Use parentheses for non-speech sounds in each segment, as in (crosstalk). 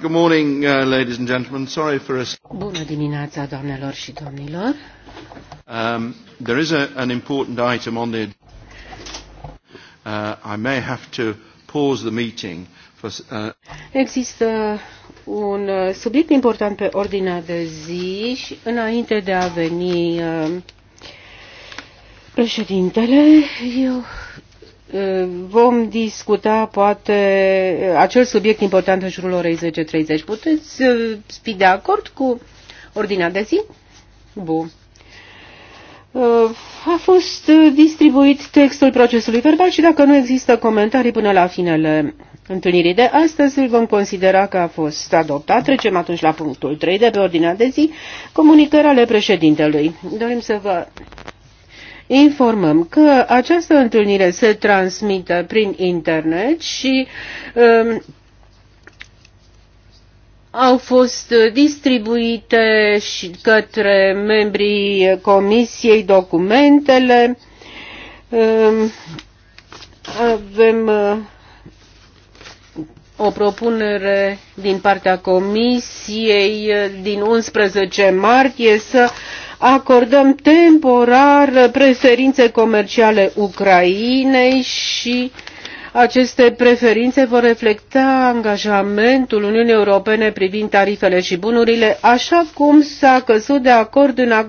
good morning, uh, ladies and gentlemen. Sorry for us. Bună dimineața, doamnelor și domnilor. Um, there is a, an important item on the. Uh, I may have to pause the meeting for. Uh... Există un uh, subiect important pe ordinea de zi și înainte de a veni uh, președintele, eu vom discuta poate acel subiect important în jurul orei 10.30. Puteți uh, fi de acord cu ordinea de zi? Bun. Uh, a fost uh, distribuit textul procesului verbal și dacă nu există comentarii până la finele întâlnirii de astăzi, îl vom considera că a fost adoptat. Trecem atunci la punctul 3 de pe ordinea de zi, comunicări ale președintelui. Dorim să vă informăm că această întâlnire se transmite prin internet și um, au fost distribuite și către membrii comisiei documentele. Um, avem uh, o propunere din partea Comisiei din 11 martie să acordăm temporar preferințe comerciale Ucrainei și aceste preferințe vor reflecta angajamentul Uniunii Europene privind tarifele și bunurile, așa cum s-a căzut de acord în, a,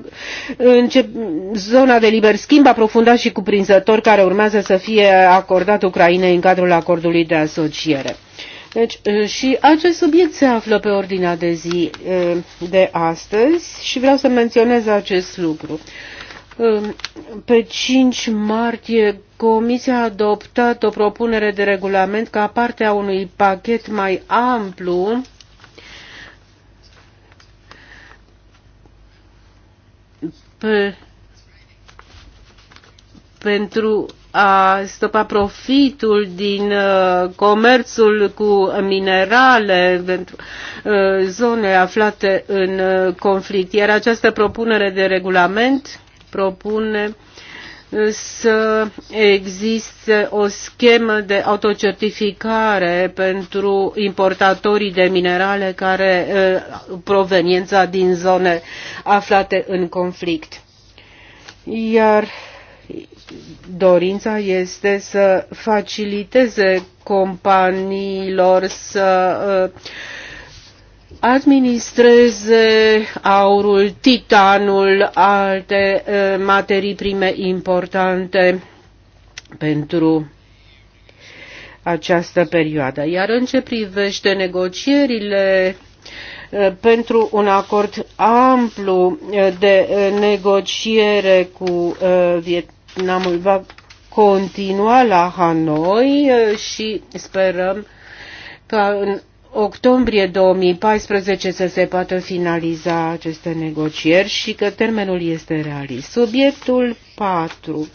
în ce, zona de liber schimb aprofundat și cuprinzător care urmează să fie acordat Ucrainei în cadrul acordului de asociere. Deci și acest subiect se află pe ordinea de zi de astăzi și vreau să menționez acest lucru. Pe 5 martie, Comisia a adoptat o propunere de regulament ca parte a unui pachet mai amplu pe, pentru a stopa profitul din uh, comerțul cu minerale pentru uh, zone aflate în uh, conflict. Iar această propunere de regulament propune să existe o schemă de autocertificare pentru importatorii de minerale care proveniența din zone aflate în conflict. Iar dorința este să faciliteze companiilor să uh, administreze aurul, titanul, alte uh, materii prime importante pentru această perioadă. Iar în ce privește negocierile Uh, pentru un acord amplu uh, de uh, negociere cu Vietnamul va continua la Hanoi și sperăm ca în octombrie 2014 să se poată finaliza aceste negocieri și că termenul este realist. Subiectul 4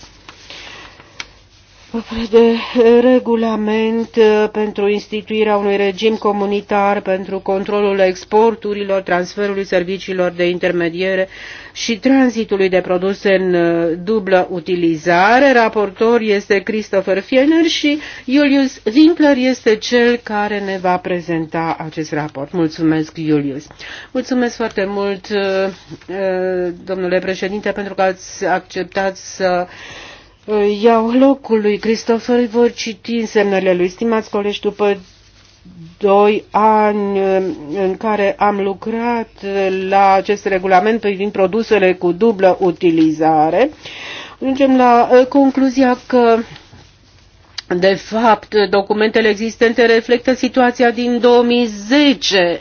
de eh, regulament eh, pentru instituirea unui regim comunitar pentru controlul exporturilor, transferului serviciilor de intermediere și tranzitului de produse în eh, dublă utilizare. Raportor este Christopher Fiener și Julius Winkler este cel care ne va prezenta acest raport. Mulțumesc, Julius. Mulțumesc foarte mult, domnule președinte, pentru că ați acceptat să Eh, iau locul lui Christopher, vor citi semnele lui. Stimați colegi, după doi ani eh, în care am lucrat eh, la acest regulament privind produsele cu dublă utilizare, ajungem la concluzia că de fapt, documentele existente reflectă situația din 2010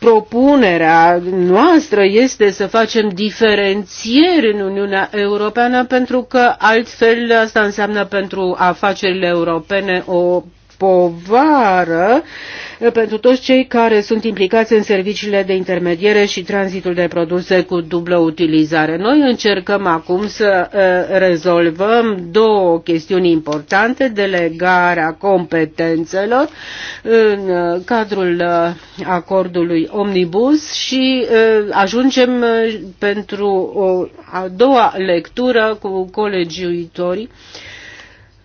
propunerea noastră este să facem diferențieri în Uniunea Europeană pentru că altfel asta înseamnă pentru afacerile europene o povară eh, pentru toți cei care sunt implicați în serviciile de intermediere și tranzitul de produse cu dublă utilizare. Noi încercăm acum să eh, rezolvăm două chestiuni importante, delegarea competențelor în eh, cadrul acordului Omnibus și ajungem pentru o a doua lectură cu colegiuitorii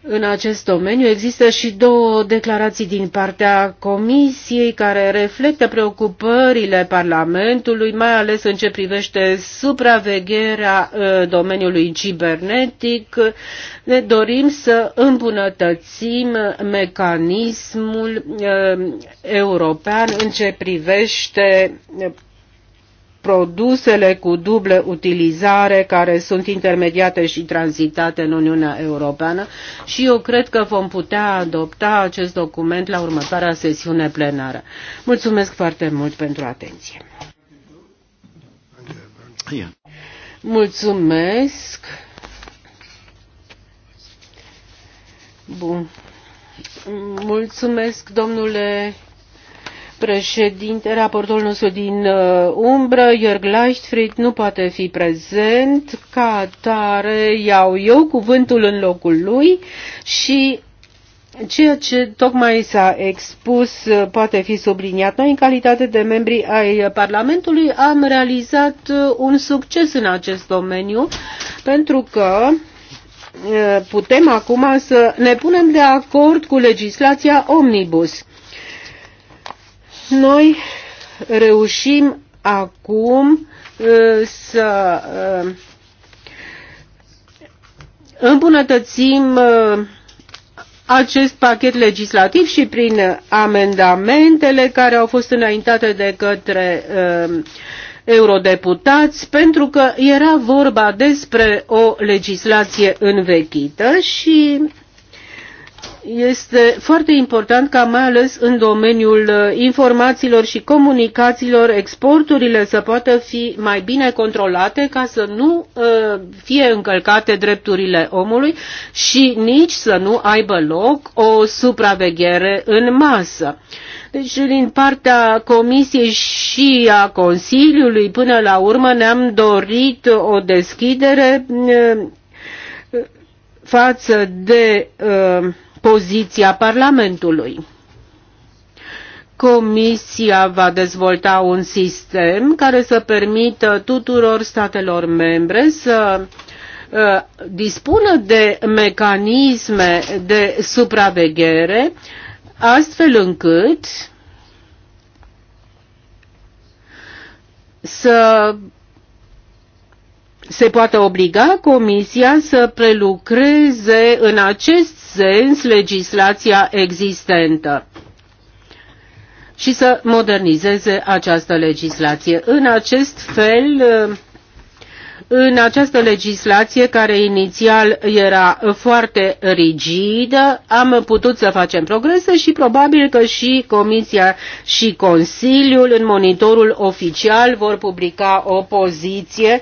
în acest domeniu există și două declarații din partea Comisiei care reflectă preocupările Parlamentului, mai ales în ce privește supravegherea ă, domeniului cibernetic. Ne dorim să îmbunătățim mecanismul ă, european în ce privește produsele cu dublă utilizare care sunt intermediate și tranzitate în Uniunea Europeană și eu cred că vom putea adopta acest document la următoarea sesiune plenară. Mulțumesc foarte mult pentru atenție. Mulțumesc. Bun. Mulțumesc, domnule Președinte, raportorul nostru din uh, umbră, Jörg Leichtfried, nu poate fi prezent. Ca tare iau eu cuvântul în locul lui și Ceea ce tocmai s-a expus uh, poate fi subliniat. Noi, în calitate de membri ai Parlamentului, am realizat uh, un succes în acest domeniu, pentru că uh, putem acum să ne punem de acord cu legislația omnibus. Noi reușim acum uh, să uh, îmbunătățim uh, acest pachet legislativ și prin amendamentele care au fost înaintate de către eurodeputați pentru că era vorba despre o legislație învechită și este foarte important ca mai ales în domeniul uh, informațiilor și comunicațiilor exporturile să poată fi mai bine controlate ca să nu uh, fie încălcate drepturile omului și nici să nu aibă loc o supraveghere în masă. Deci din partea Comisiei și a Consiliului până la urmă ne-am dorit o deschidere uh, față de uh, poziția Parlamentului. Comisia va dezvolta un sistem care să permită tuturor statelor membre să uh, dispună de mecanisme de supraveghere astfel încât să se poate obliga Comisia să prelucreze în acest sens legislația existentă și să modernizeze această legislație. În acest fel, în această legislație care inițial era foarte rigidă, am putut să facem progrese și probabil că și Comisia și Consiliul în monitorul oficial vor publica o poziție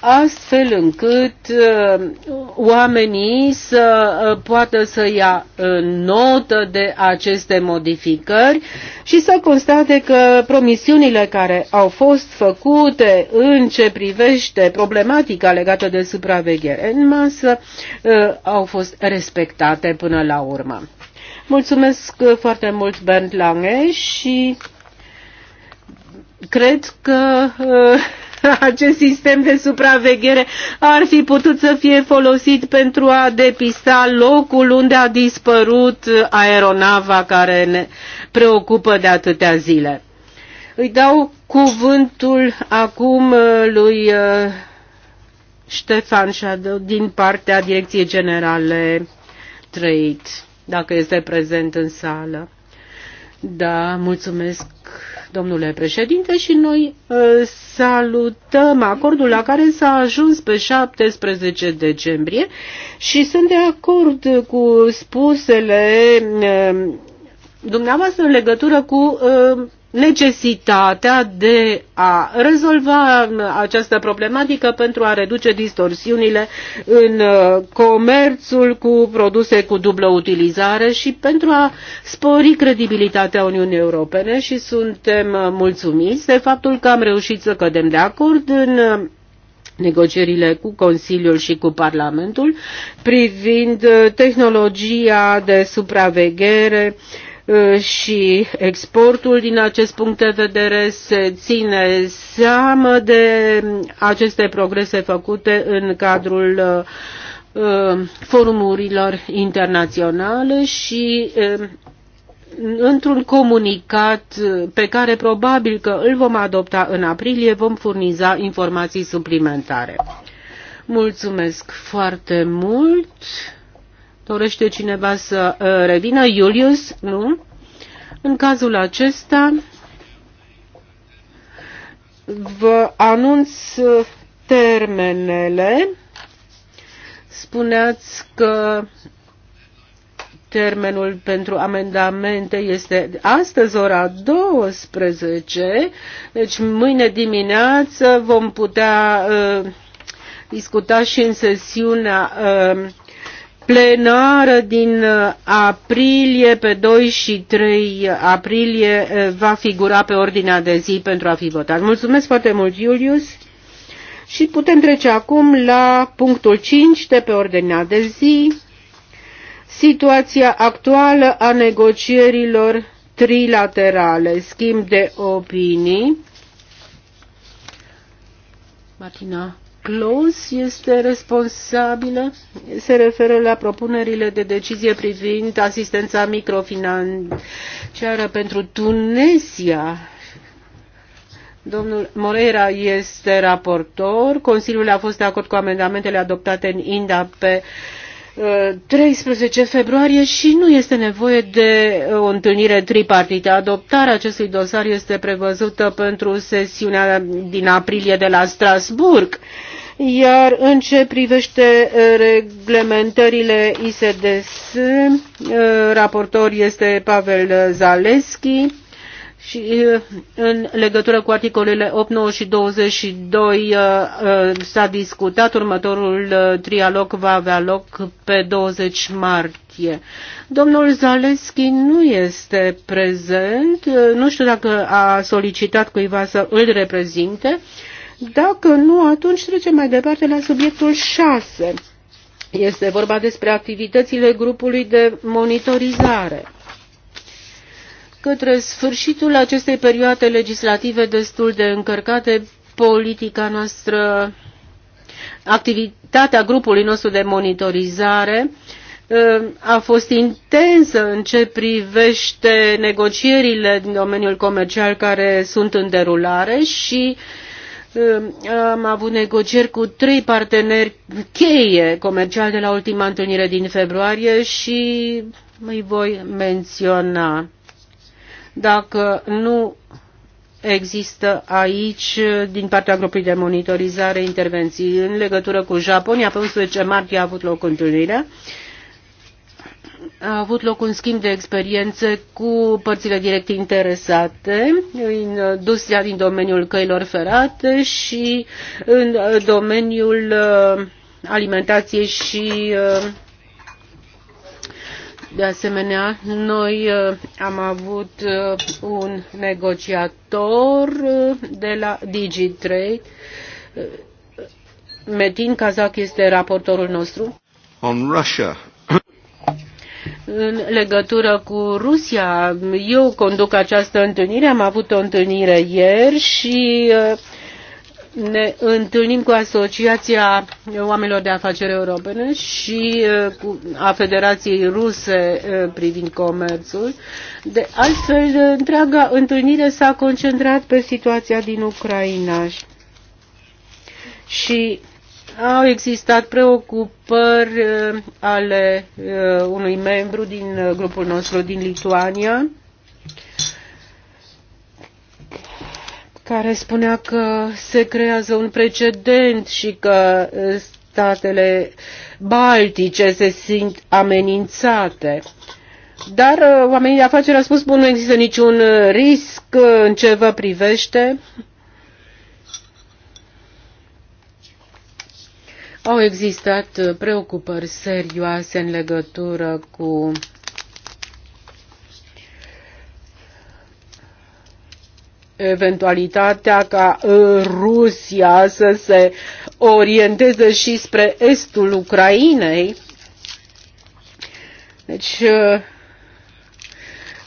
astfel încât uh, oamenii să uh, poată să ia uh, notă de aceste modificări și să constate că promisiunile care au fost făcute în ce privește problematica legată de supraveghere în masă au fost respectate până la urmă. Mulțumesc foarte mult, Bernd Lange, și cred că uh, (laughs) acest sistem de supraveghere ar fi putut să fie folosit pentru a depista locul unde a dispărut aeronava care ne preocupă de atâtea zile. Îi dau cuvântul acum uh, lui uh, Ștefan Șadău din partea Direcției Generale Trade, dacă este prezent în sală. Da, mulțumesc domnule președinte, și noi uh, salutăm acordul la care s-a ajuns pe 17 decembrie și sunt de acord cu spusele uh, dumneavoastră în legătură cu uh, necesitatea de a rezolva uh, această problematică pentru a reduce distorsiunile în uh, comerțul cu produse cu dublă utilizare și pentru a spori credibilitatea Uniunii Europene și suntem uh, mulțumiți de faptul că am reușit să cădem de acord în negocierile cu Consiliul și cu Parlamentul privind tehnologia de supraveghere uh, și exportul din acest punct de vedere se ține seamă de aceste progrese făcute în cadrul forumurilor internaționale și într-un comunicat pe care probabil că îl vom adopta în aprilie vom furniza informații suplimentare. Mulțumesc foarte mult! Dorește cineva să uh, revină? Iulius? Nu? În cazul acesta vă anunț termenele. Spuneați că termenul pentru amendamente este astăzi ora 12, deci mâine dimineață vom putea uh, discuta și în sesiunea uh, plenară din uh, aprilie, pe 2 și 3 aprilie, uh, va figura pe ordinea de zi pentru a fi votat. Mulțumesc foarte mult, Julius! Și putem trece acum la punctul 5 de pe ordinea de zi, situația actuală a negocierilor trilaterale, schimb de opinii. Martina Close este responsabilă, se referă la propunerile de decizie privind asistența microfinanciară pentru Tunisia. Domnul Moreira este raportor. Consiliul a fost de acord cu amendamentele adoptate în INDA pe 13 uh, februarie și nu este nevoie de uh, o întâlnire tripartită. Adoptarea acestui dosar este prevăzută pentru sesiunea din aprilie de la Strasburg. Iar în ce privește uh, reglementările ISDS, uh, raportor este Pavel Zaleski și uh, în legătură cu articolele 8, 9 și 22 s-a discutat. Următorul trialog va avea loc pe 20 martie. Domnul Zaleski nu este prezent. Nu știu dacă a solicitat cuiva să îl reprezinte. Dacă nu, atunci trecem mai departe la subiectul 6. Este vorba despre activitățile grupului de monitorizare. Către sfârșitul acestei perioade legislative destul de încărcate, politica noastră, activitatea grupului nostru de monitorizare ă, a fost intensă în ce privește negocierile din domeniul comercial care sunt în derulare și uh, am avut negocieri cu trei parteneri cheie comerciali de la ultima întâlnire din februarie și îi voi menționa. Dacă nu există aici, din partea grupului de monitorizare, intervenții în legătură cu Japonia, pe 11 martie a avut loc întâlnirea a avut loc un schimb de experiențe cu părțile direct interesate, în industria din domeniul căilor ferate și în domeniul uh, alimentației și uh, de asemenea, noi uh, am avut un negociator de la DigiTrade. Metin Kazak este raportorul nostru. On Russia, în legătură cu Rusia. Eu conduc această întâlnire, am avut o întâlnire ieri și uh, ne întâlnim cu Asociația Oamenilor de Afaceri Europene și uh, cu a Federației Ruse uh, privind comerțul. De altfel, întreaga întâlnire s-a concentrat pe situația din Ucraina. Și au existat preocupări eh, ale eh, unui membru din eh, grupul nostru din Lituania care spunea că se creează un precedent și că statele baltice se simt amenințate. Dar oamenii de afaceri au spus, bun, nu există niciun risc în ce vă privește Au existat uh, preocupări serioase în legătură cu eventualitatea ca uh, Rusia să se orienteze și spre estul Ucrainei. Deci, uh,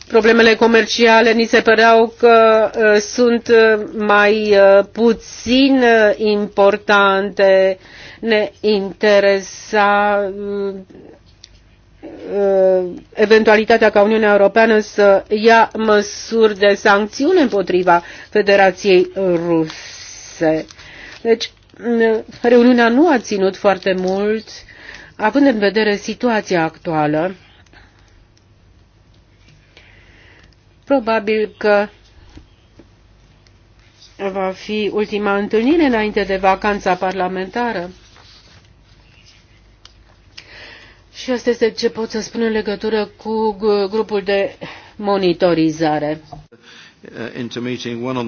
problemele comerciale ni se păreau că sunt mai puțin importante uh, ne interesa uh, uh, eventualitatea ca Uniunea Europeană să ia măsuri de sancțiune împotriva Federației Ruse. Deci, uh, reuniunea nu a ținut foarte mult, având în vedere situația actuală. Probabil că va fi ultima întâlnire înainte de vacanța parlamentară. Și asta este ce pot să spun în legătură cu grupul de monitorizare. Uh,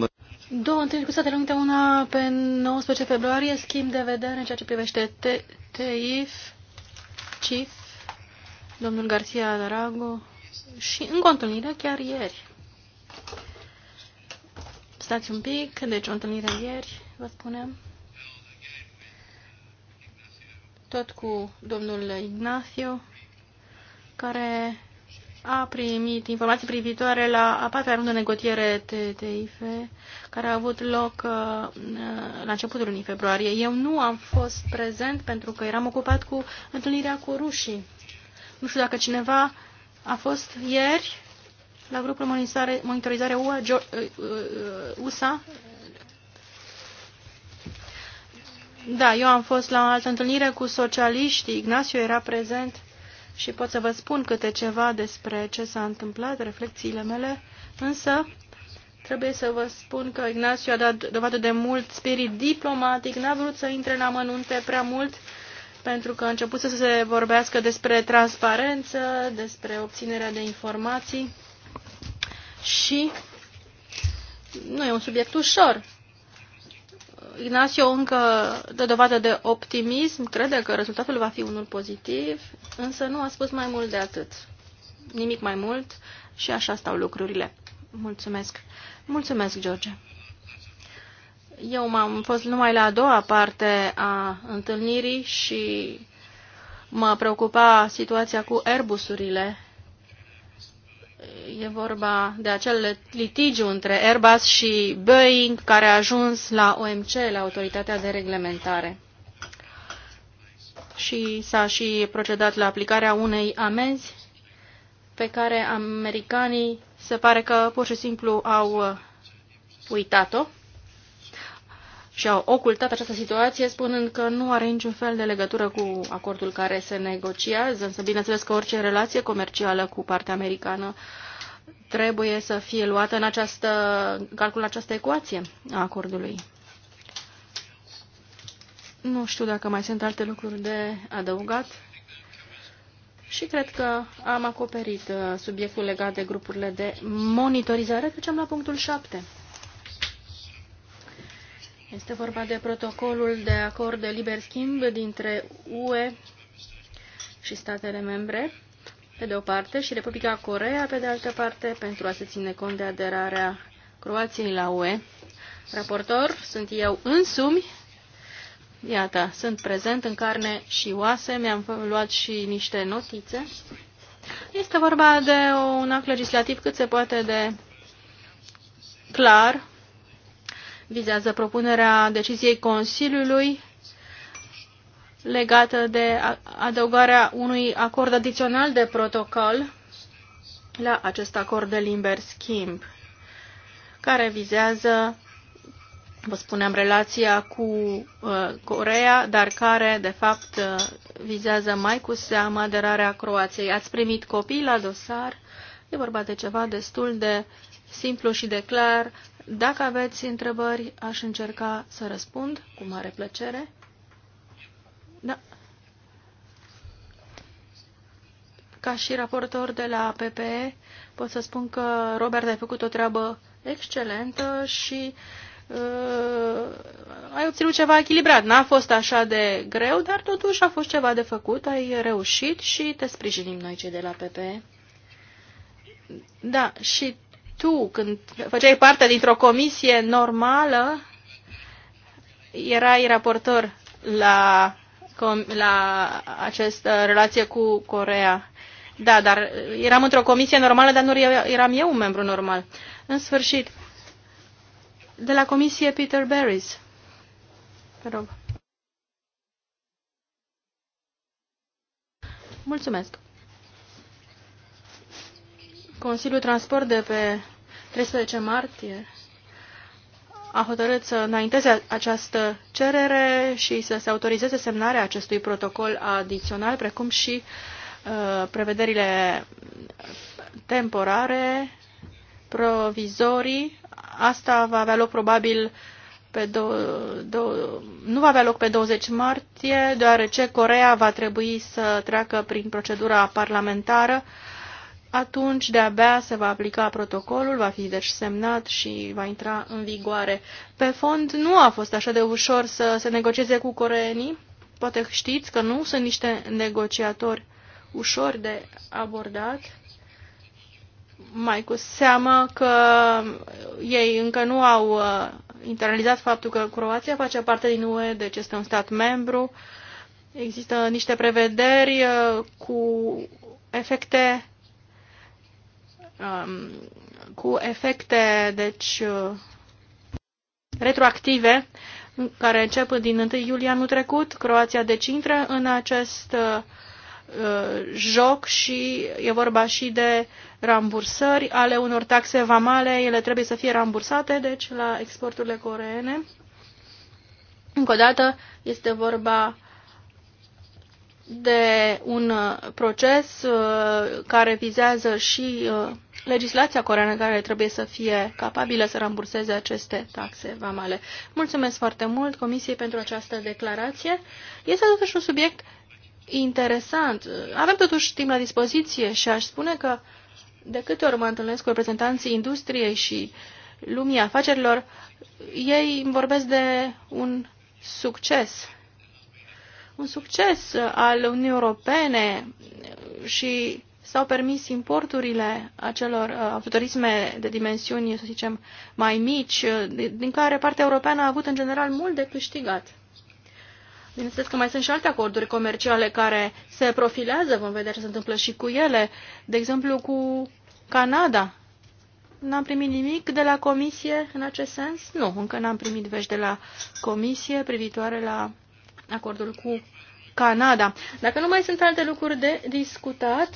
Două întâlniri cu Statele Unite, una pe 19 februarie, schimb de vedere în ceea ce privește TIF, CIF, domnul Garcia Darago și în întâlnire chiar ieri. Stați un pic, deci o întâlnire ieri, vă spunem. tot cu domnul Ignacio, care a primit informații privitoare la a patra rundă negociere TTIF, care a avut loc uh, la începutul lunii februarie. Eu nu am fost prezent pentru că eram ocupat cu întâlnirea cu rușii. Nu știu dacă cineva a fost ieri la grupul monitorizare, USA uh, uh, Da, eu am fost la o altă întâlnire cu socialiștii, Ignacio era prezent și pot să vă spun câte ceva despre ce s-a întâmplat, reflexiile mele, însă trebuie să vă spun că Ignacio a dat dovadă de mult spirit diplomatic, n-a vrut să intre în amănunte prea mult, pentru că a început să se vorbească despre transparență, despre obținerea de informații și nu e un subiect ușor, Ignacio încă dă dovadă de optimism, crede că rezultatul va fi unul pozitiv, însă nu a spus mai mult de atât. Nimic mai mult și așa stau lucrurile. Mulțumesc. Mulțumesc, George. Eu m-am fost numai la a doua parte a întâlnirii și mă preocupa situația cu Airbusurile E vorba de acel litigiu între Airbus și Boeing care a ajuns la OMC, la Autoritatea de Reglementare. Și s-a și procedat la aplicarea unei amenzi pe care americanii se pare că pur și simplu au uitat-o și au ocultat această situație spunând că nu are niciun fel de legătură cu acordul care se negociază, însă bineînțeles că orice relație comercială cu partea americană trebuie să fie luată în această, în calcul în această ecuație a acordului. Nu știu dacă mai sunt alte lucruri de adăugat și cred că am acoperit uh, subiectul legat de grupurile de monitorizare. Trecem la punctul 7. Este vorba de protocolul de acord de liber schimb dintre UE și statele membre, pe de o parte, și Republica Corea, pe de altă parte, pentru a se ține cont de aderarea Croației la UE. Raportor sunt eu însumi. Iată, sunt prezent în carne și oase, mi-am luat și niște notițe. Este vorba de un act legislativ cât se poate de clar, vizează propunerea deciziei Consiliului legată de adăugarea unui acord adițional de protocol la acest acord de liber schimb, care vizează, vă spunem, relația cu uh, Corea, dar care, de fapt, uh, vizează mai cu seamă aderarea Croației. Ați primit copii la dosar, e vorba de ceva destul de simplu și de clar, dacă aveți întrebări, aș încerca să răspund cu mare plăcere. Da. Ca și raportor de la PPE, pot să spun că Robert a făcut o treabă excelentă și uh, ai obținut ceva echilibrat. N-a fost așa de greu, dar totuși a fost ceva de făcut, ai reușit și te sprijinim noi cei de la PPE. Da, și tu, când făceai parte dintr-o comisie normală, erai raportor la, la această relație cu Corea. Da, dar eram într-o comisie normală, dar nu eram eu un membru normal. În sfârșit, de la comisie Peter Berries. Te rog. Mulțumesc. Consiliul Transport de pe 13 martie, a hotărât să înainteze această cerere și să se autorizeze semnarea acestui protocol adițional, precum și uh, prevederile temporare, provizorii. Asta va avea loc probabil pe do, do, nu va avea loc pe 20 martie, deoarece Corea va trebui să treacă prin procedura parlamentară uh, atunci de-abia se va aplica protocolul, va fi deci semnat și va intra în vigoare. Pe fond, nu a fost așa de ușor să se negocieze cu coreenii. Poate știți că nu sunt niște negociatori ușor de abordat. Mai cu seamă că ei încă nu au uh, internalizat faptul că Croația face parte din UE, deci este un stat membru. Există niște prevederi uh, cu efecte um, cu efecte deci, uh, retroactive care încep din 1 iulie anul trecut. Croația deci intră în acest uh, uh, joc și e vorba și de rambursări ale unor taxe vamale. Ele trebuie să fie rambursate, deci, la exporturile coreene. Încă o dată, este vorba de un uh, proces uh, care vizează și uh, legislația coreană care trebuie să fie capabilă să ramburseze aceste taxe vamale. Mulțumesc foarte mult Comisiei pentru această declarație. Este totuși un subiect interesant. Avem totuși timp la dispoziție și aș spune că de câte ori mă întâlnesc cu reprezentanții industriei și lumii afacerilor, ei vorbesc de un succes un succes uh, al Uniunii Europene uh, și s-au permis importurile acelor uh, autorisme de dimensiuni, să zicem, mai mici, din care partea europeană a avut în general mult de câștigat. Bineînțeles că mai sunt și alte acorduri comerciale care se profilează, vom vedea ce se întâmplă și cu ele, de exemplu cu Canada. N-am primit nimic de la comisie în acest sens? Nu, încă n-am primit vești de la comisie privitoare la acordul cu Canada. Dacă nu mai sunt alte lucruri de discutat,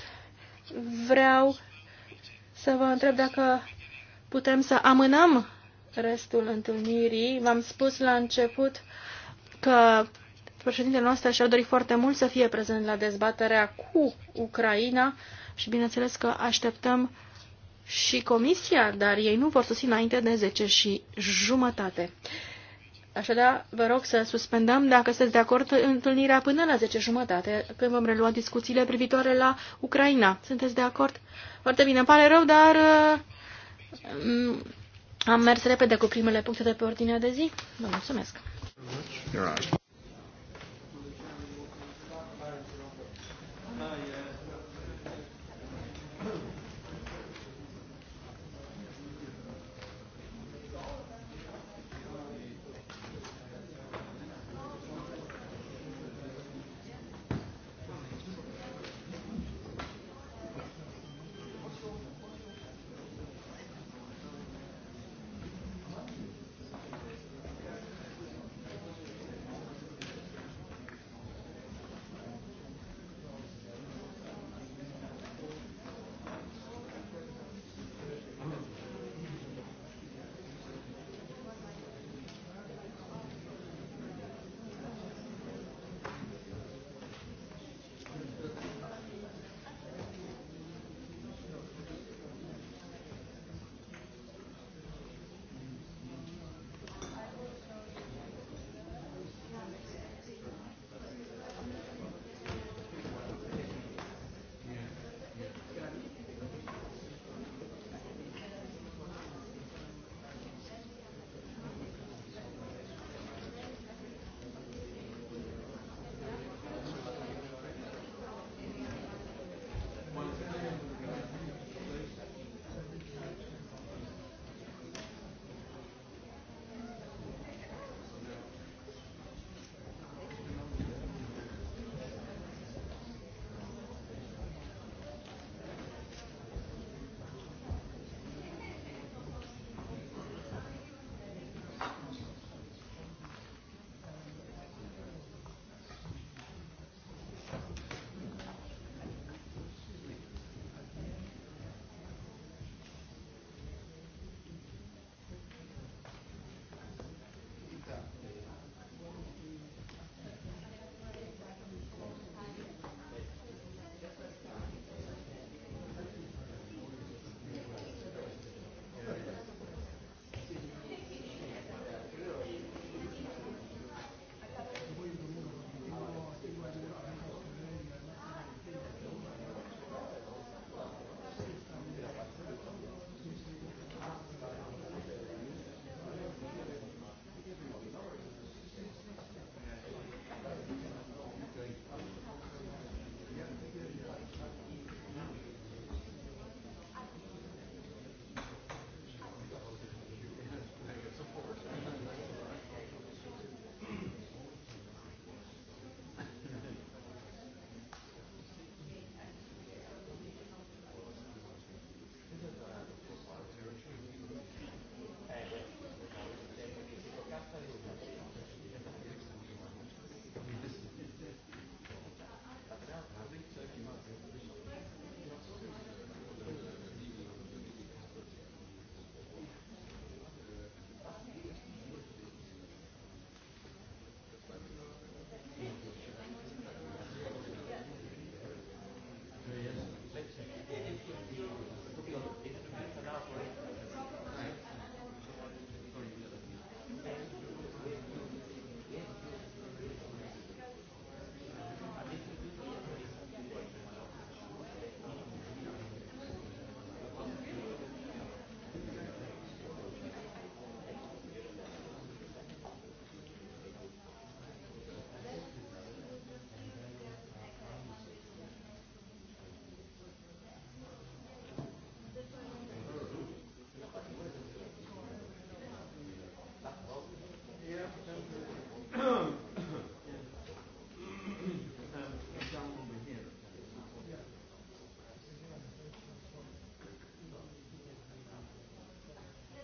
vreau să vă întreb dacă putem să amânăm restul întâlnirii. V-am spus la început că președintele nostru și-a dorit foarte mult să fie prezent la dezbaterea cu Ucraina și bineînțeles că așteptăm și comisia, dar ei nu vor susține înainte de 10 și jumătate. Așadar, vă rog să suspendăm, dacă sunteți de acord, întâlnirea până la 10 jumătate, când vom relua discuțiile privitoare la Ucraina. Sunteți de acord? Foarte bine, pare rău, dar uh, am mers repede cu primele puncte de pe ordinea de zi. Vă mulțumesc!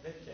De ce?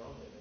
Doamne,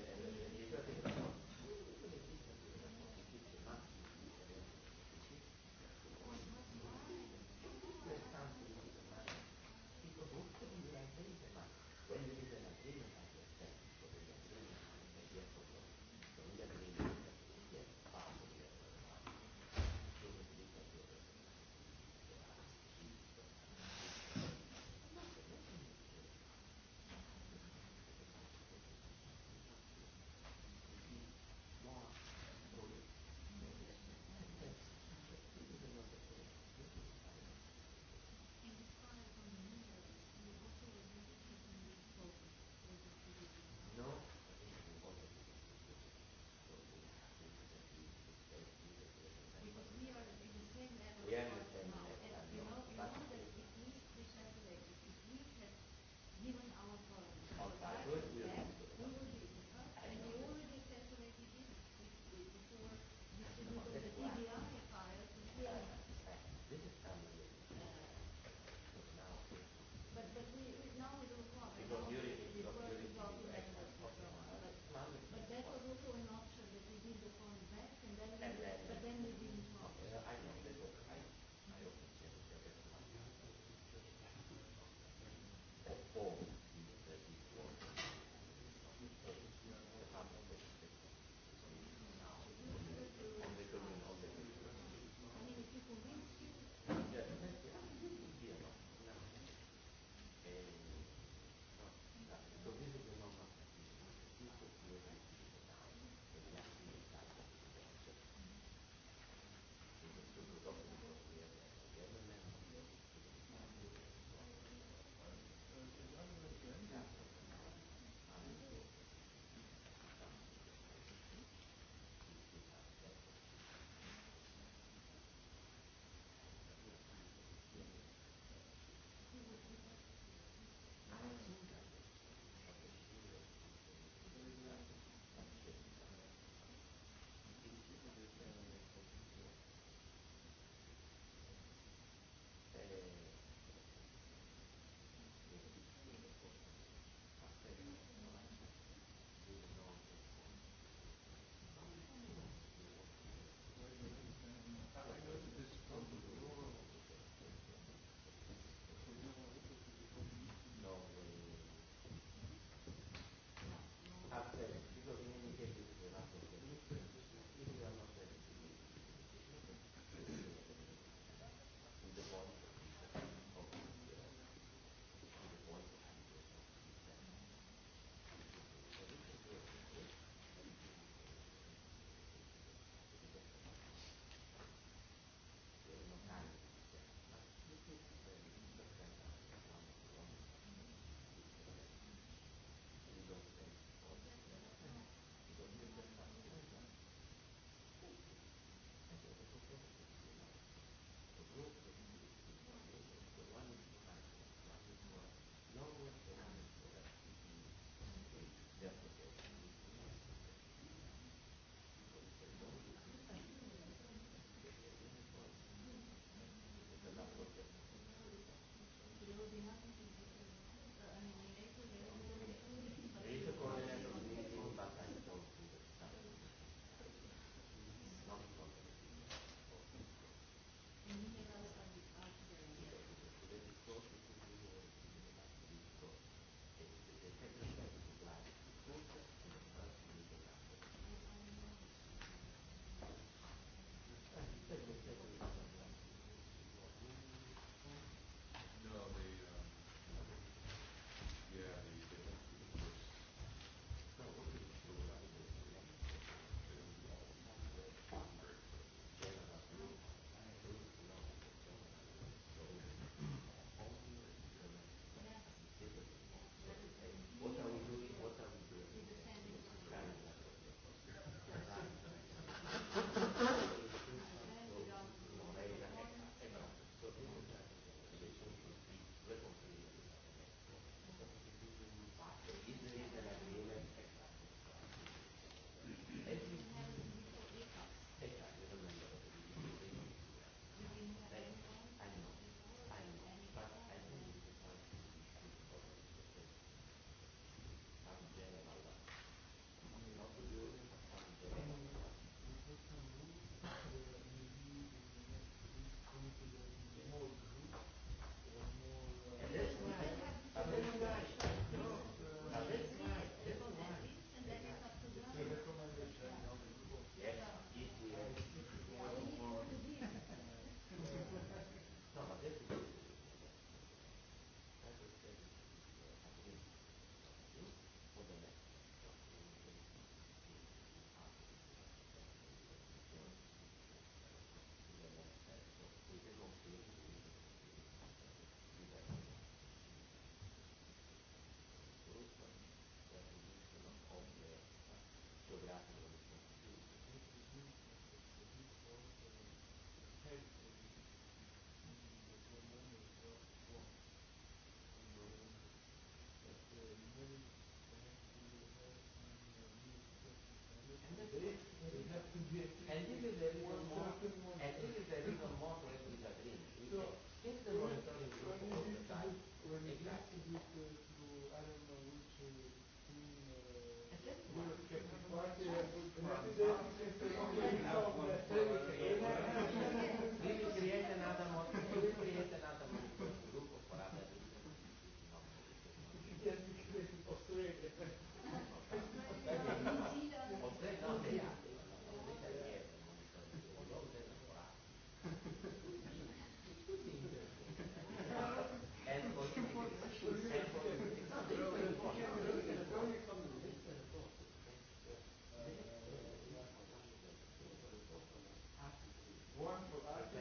you ended it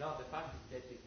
Da, de fapt, the deci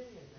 idee de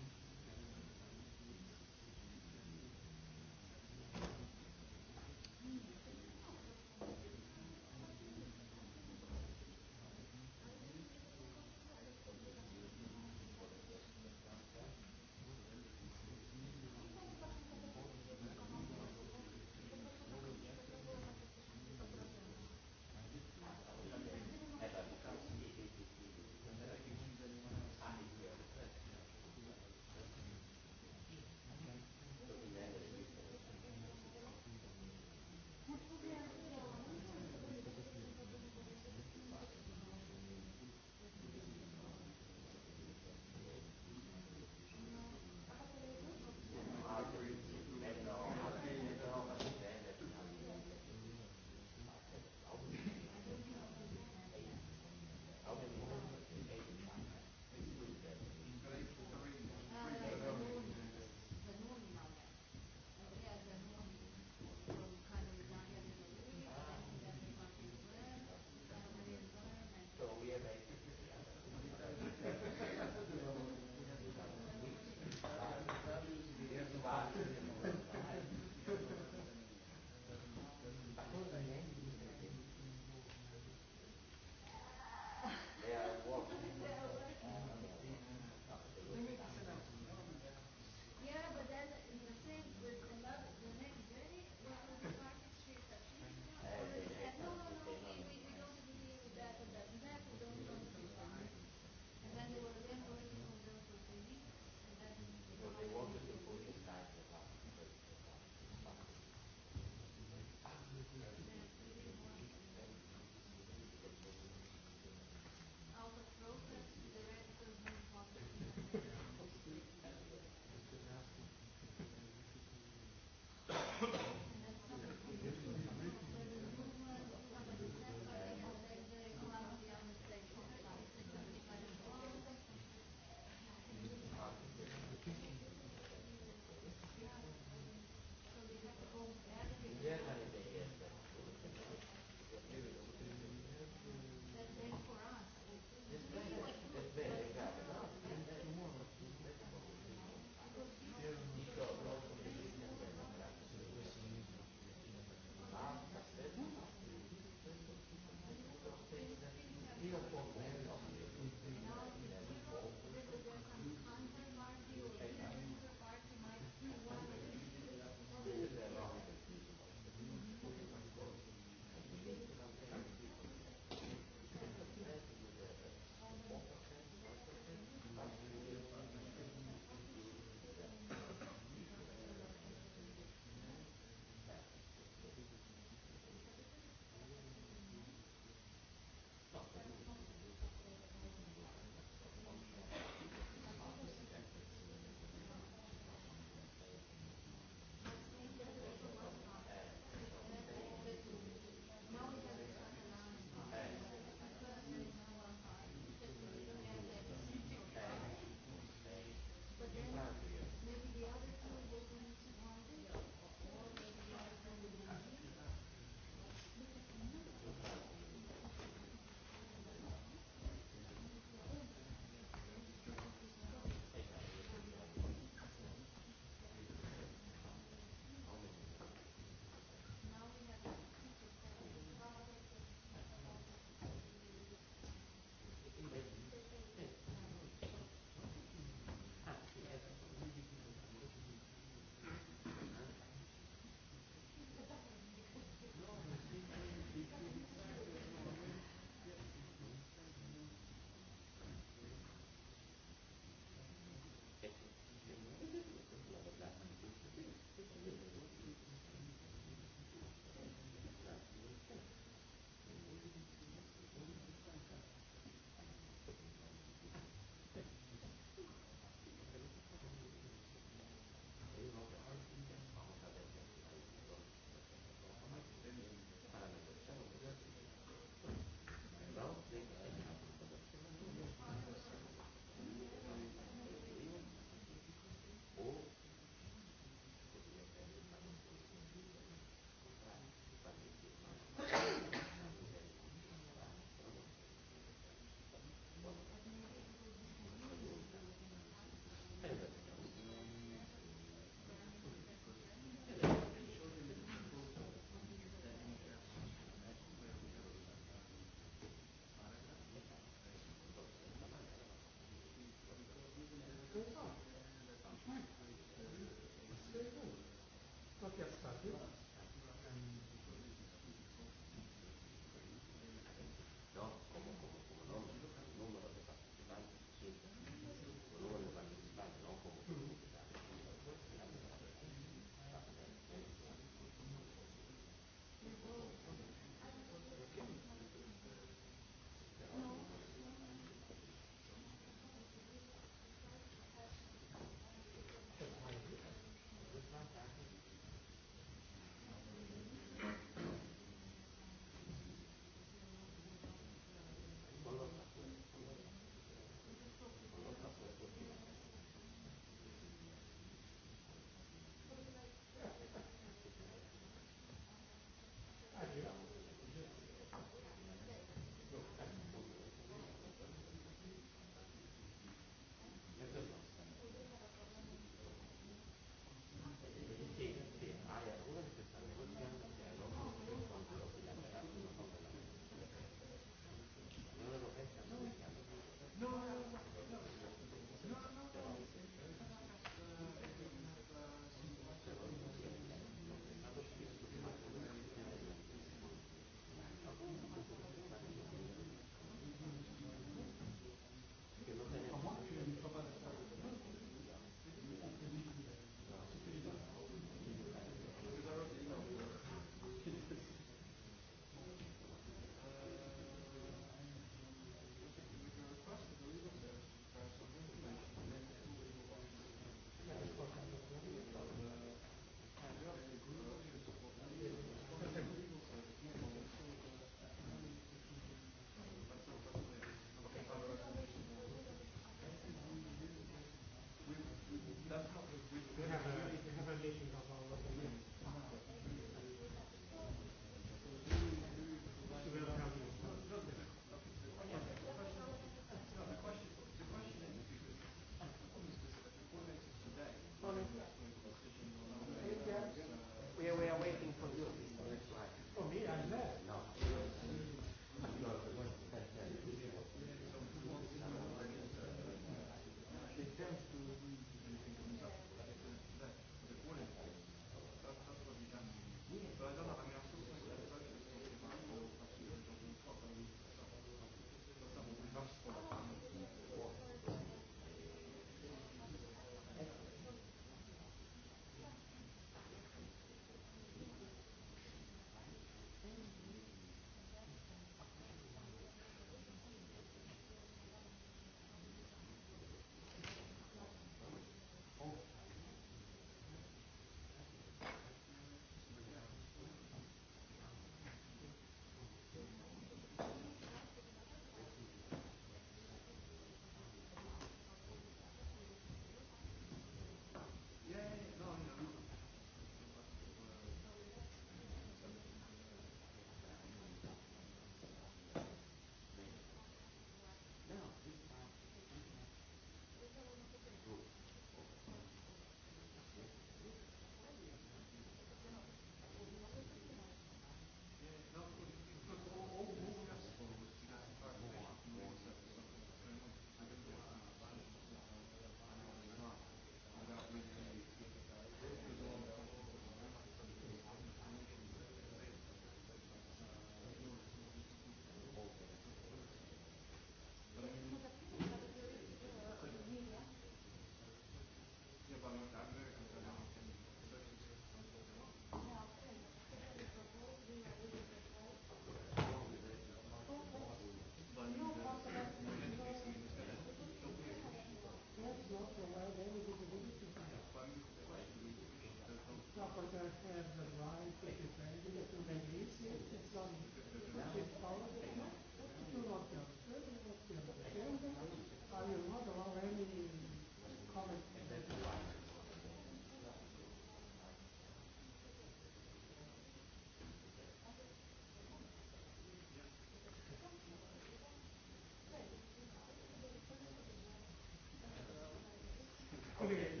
Okay.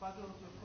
Patru lucruri.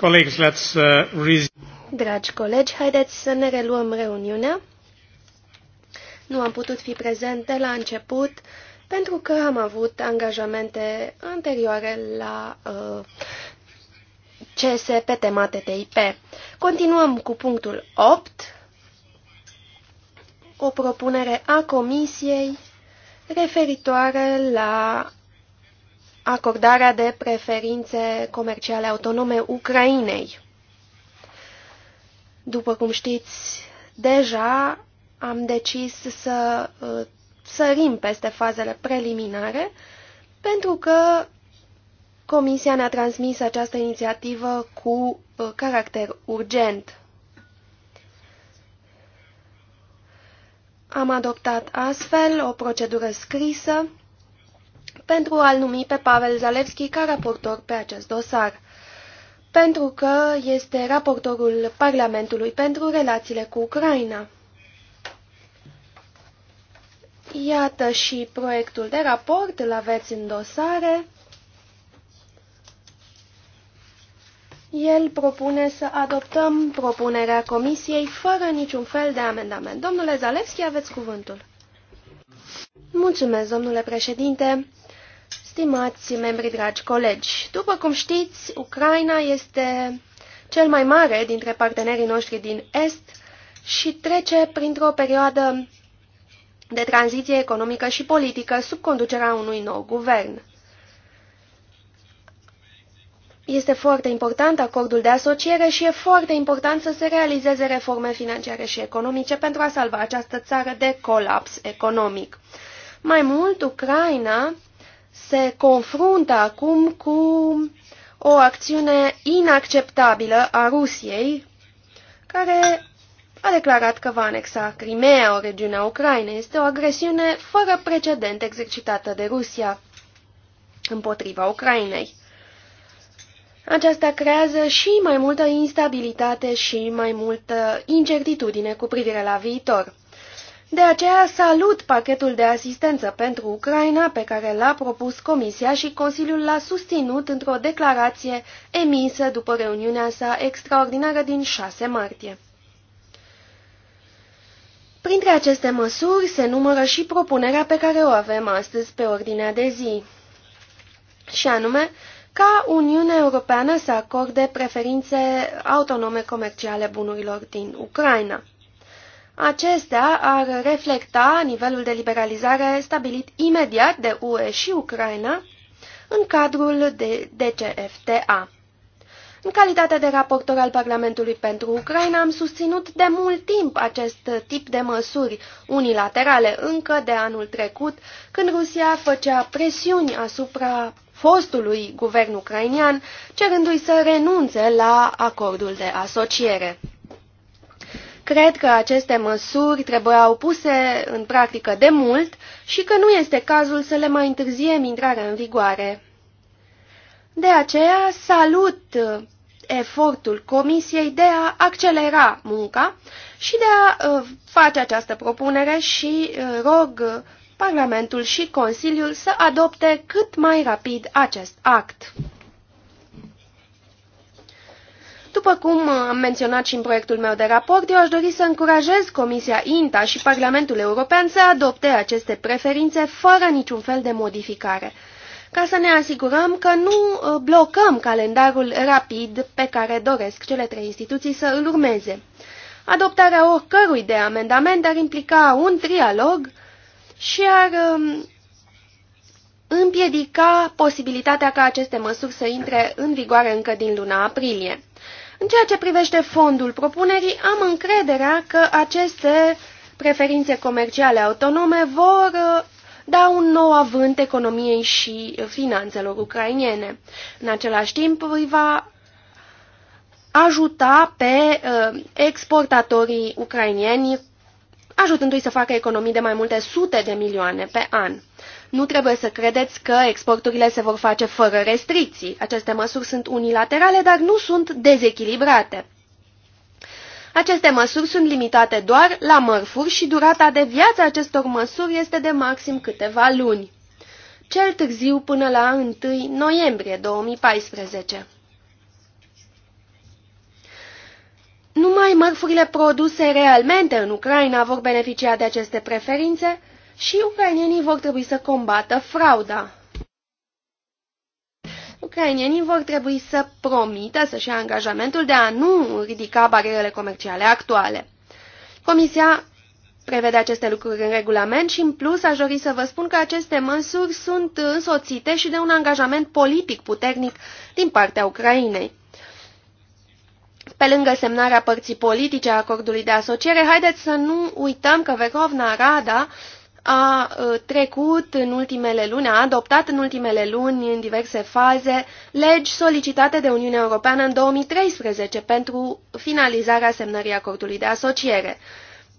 Colleagues, let's, uh, Dragi colegi, haideți să ne reluăm reuniunea. Nu am putut fi prezent de la început pentru că am avut angajamente anterioare la uh, CS pe tema TTIP. Continuăm cu punctul 8, o propunere a Comisiei referitoare la acordarea de preferințe comerciale autonome Ucrainei. După cum știți, deja am decis să uh, sărim peste fazele preliminare pentru că Comisia ne-a transmis această inițiativă cu uh, caracter urgent. Am adoptat astfel o procedură scrisă pentru a-l numi pe Pavel Zalewski ca raportor pe acest dosar, pentru că este raportorul Parlamentului pentru relațiile cu Ucraina. Iată și proiectul de raport, îl aveți în dosare. El propune să adoptăm propunerea Comisiei fără niciun fel de amendament. Domnule Zalewski, aveți cuvântul. Mulțumesc, domnule președinte. Stimați membri dragi colegi, după cum știți, Ucraina este cel mai mare dintre partenerii noștri din Est și trece printr-o perioadă de tranziție economică și politică sub conducerea unui nou guvern. Este foarte important acordul de asociere și e foarte important să se realizeze reforme financiare și economice pentru a salva această țară de colaps economic. Mai mult, Ucraina se confruntă acum cu o acțiune inacceptabilă a Rusiei, care a declarat că va anexa Crimea, o regiune a Ucrainei. Este o agresiune fără precedent exercitată de Rusia împotriva Ucrainei. Aceasta creează și mai multă instabilitate și mai multă incertitudine cu privire la viitor. De aceea salut pachetul de asistență pentru Ucraina pe care l-a propus Comisia și Consiliul l-a susținut într-o declarație emisă după reuniunea sa extraordinară din 6 martie. Printre aceste măsuri se numără și propunerea pe care o avem astăzi pe ordinea de zi, și anume ca Uniunea Europeană să acorde preferințe autonome comerciale bunurilor din Ucraina. Acestea ar reflecta nivelul de liberalizare stabilit imediat de UE și Ucraina în cadrul de DCFTA. În calitate de raportor al Parlamentului pentru Ucraina, am susținut de mult timp acest tip de măsuri unilaterale încă de anul trecut, când Rusia făcea presiuni asupra fostului guvern ucrainian, cerându-i să renunțe la acordul de asociere. Cred că aceste măsuri trebuiau puse în practică de mult și că nu este cazul să le mai întârziem intrarea în vigoare. De aceea salut efortul Comisiei de a accelera munca și de a uh, face această propunere și uh, rog Parlamentul și Consiliul să adopte cât mai rapid acest act. După cum am menționat și în proiectul meu de raport, eu aș dori să încurajez Comisia INTA și Parlamentul European să adopte aceste preferințe fără niciun fel de modificare, ca să ne asigurăm că nu uh, blocăm calendarul rapid pe care doresc cele trei instituții să îl urmeze. Adoptarea oricărui de amendament ar implica un trialog și ar um, împiedica posibilitatea ca aceste măsuri să intre în vigoare încă din luna aprilie. În ceea ce privește fondul propunerii, am încrederea că aceste preferințe comerciale autonome vor uh, da un nou avânt economiei și finanțelor ucrainiene. În același timp, îi va ajuta pe uh, exportatorii ucrainieni, ajutându-i să facă economii de mai multe sute de milioane pe an. Nu trebuie să credeți că exporturile se vor face fără restricții. Aceste măsuri sunt unilaterale, dar nu sunt dezechilibrate. Aceste măsuri sunt limitate doar la mărfuri și durata de viață acestor măsuri este de maxim câteva luni, cel târziu până la 1 noiembrie 2014. Numai mărfurile produse realmente în Ucraina vor beneficia de aceste preferințe, și ucrainienii vor trebui să combată frauda. Ucrainienii vor trebui să promită să-și ia angajamentul de a nu ridica barierele comerciale actuale. Comisia prevede aceste lucruri în regulament și, în plus, aș dori să vă spun că aceste măsuri sunt însoțite și de un angajament politic puternic din partea Ucrainei. Pe lângă semnarea părții politice a acordului de asociere, haideți să nu uităm că Verovna Rada a ă, trecut în ultimele luni, a adoptat în ultimele luni, în diverse faze, legi solicitate de Uniunea Europeană în 2013 pentru finalizarea semnării acordului de asociere.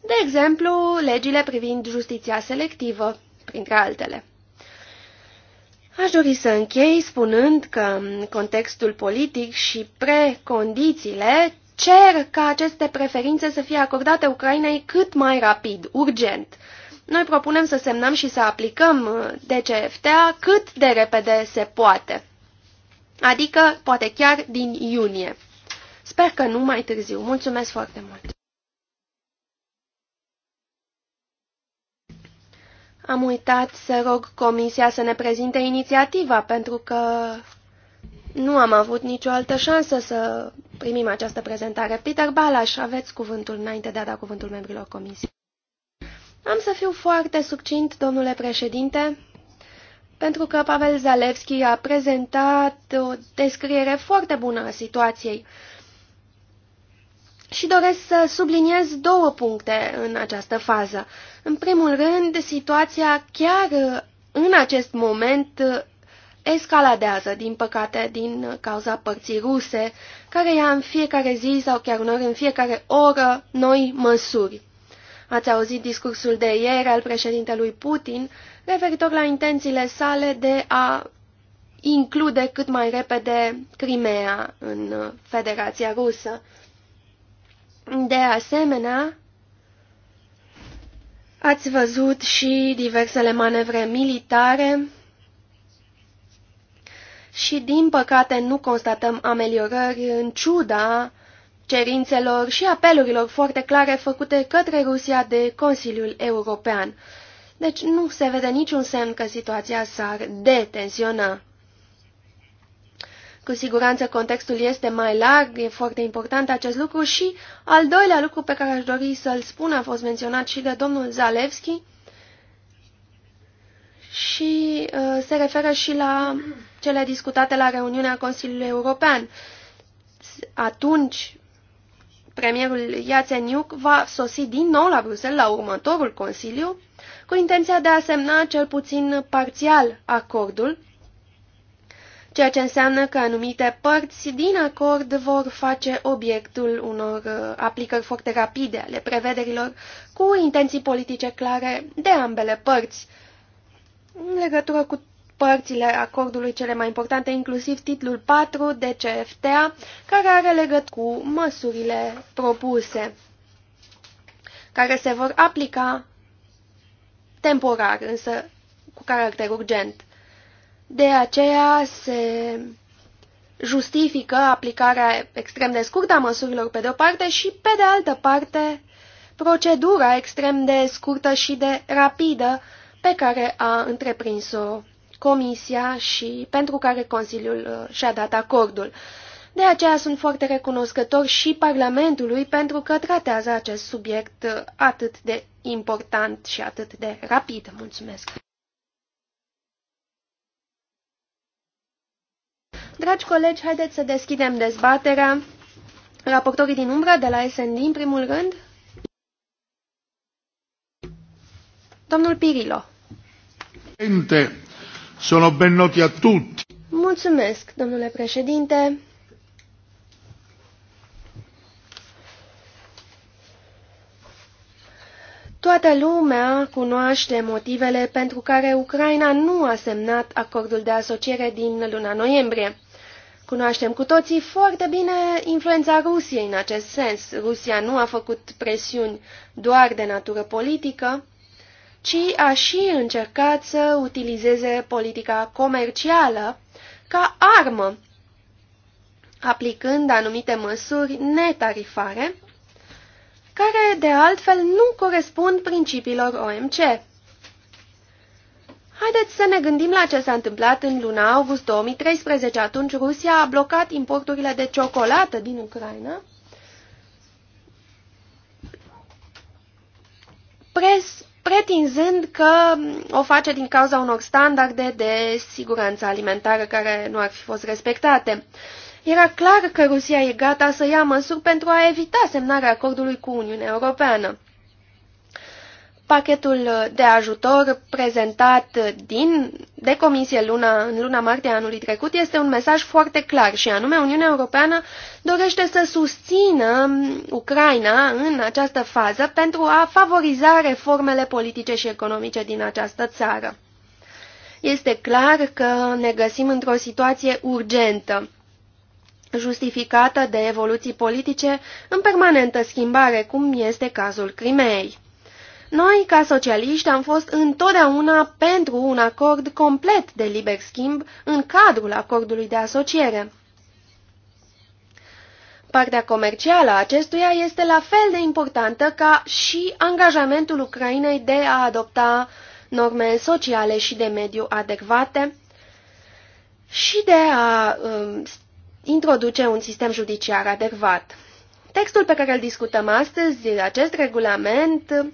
De exemplu, legile privind justiția selectivă, printre altele. Aș dori să închei spunând că contextul politic și precondițiile cer ca aceste preferințe să fie acordate Ucrainei cât mai rapid, urgent. Noi propunem să semnăm și să aplicăm uh, DCFTA cât de repede se poate, adică poate chiar din iunie. Sper că nu mai târziu. Mulțumesc foarte mult! Am uitat să rog comisia să ne prezinte inițiativa, pentru că nu am avut nicio altă șansă să primim această prezentare. Peter Balaș, aveți cuvântul înainte de a da cuvântul membrilor comisiei. Am să fiu foarte succint, domnule președinte, pentru că Pavel Zalewski a prezentat o descriere foarte bună a situației și doresc să subliniez două puncte în această fază. În primul rând, situația chiar în acest moment escaladează, din păcate, din cauza părții ruse, care ia în fiecare zi sau chiar uneori în fiecare oră noi măsuri. Ați auzit discursul de ieri al președintelui Putin referitor la intențiile sale de a include cât mai repede Crimea în uh, Federația Rusă. De asemenea, ați văzut și diversele manevre militare și, din păcate, nu constatăm ameliorări în ciuda cerințelor și apelurilor foarte clare făcute către Rusia de Consiliul European. Deci nu se vede niciun semn că situația s-ar detensiona. Cu siguranță contextul este mai larg, e foarte important acest lucru și al doilea lucru pe care aș dori să-l spun a fost menționat și de domnul Zalewski și uh, se referă și la cele discutate la reuniunea Consiliului European. Atunci Premierul Iațeniuc va sosi din nou la Bruxelles la următorul Consiliu cu intenția de a semna cel puțin parțial acordul, ceea ce înseamnă că anumite părți din acord vor face obiectul unor uh, aplicări foarte rapide ale prevederilor cu intenții politice clare de ambele părți în legătură cu părțile acordului cele mai importante, inclusiv titlul 4 de CFTA, care are legăt cu măsurile propuse, care se vor aplica temporar, însă cu caracter urgent. De aceea se justifică aplicarea extrem de scurtă a măsurilor pe de-o parte și, pe de altă parte, procedura extrem de scurtă și de rapidă pe care a întreprins-o Comisia și pentru care Consiliul uh, și-a dat acordul. De aceea sunt foarte recunoscător și Parlamentului pentru că tratează acest subiect uh, atât de important și atât de rapid. Mulțumesc! Dragi colegi, haideți să deschidem dezbaterea. Raportorii din umbră de la SND, în primul rând. Domnul Pirilo. Sono ben noti a tutti. Mulțumesc, domnule președinte. Toată lumea cunoaște motivele pentru care Ucraina nu a semnat acordul de asociere din luna noiembrie. Cunoaștem cu toții foarte bine influența Rusiei în acest sens. Rusia nu a făcut presiuni doar de natură politică, ci a și încercat să utilizeze politica comercială ca armă, aplicând anumite măsuri netarifare, care de altfel nu corespund principiilor OMC. Haideți să ne gândim la ce s-a întâmplat în luna august 2013. Atunci Rusia a blocat importurile de ciocolată din Ucraina. Pres, pretinzând că o face din cauza unor standarde de siguranță alimentară care nu ar fi fost respectate. Era clar că Rusia e gata să ia măsuri pentru a evita semnarea acordului cu Uniunea Europeană. Pachetul de ajutor prezentat din, de comisie luna, în luna martie anului trecut este un mesaj foarte clar și anume Uniunea Europeană dorește să susțină Ucraina în această fază pentru a favoriza reformele politice și economice din această țară. Este clar că ne găsim într-o situație urgentă justificată de evoluții politice în permanentă schimbare, cum este cazul Crimeei. Noi, ca socialiști, am fost întotdeauna pentru un acord complet de liber schimb în cadrul acordului de asociere. Partea comercială a acestuia este la fel de importantă ca și angajamentul Ucrainei de a adopta norme sociale și de mediu adecvate și de a um, introduce un sistem judiciar adecvat. Textul pe care îl discutăm astăzi, acest regulament,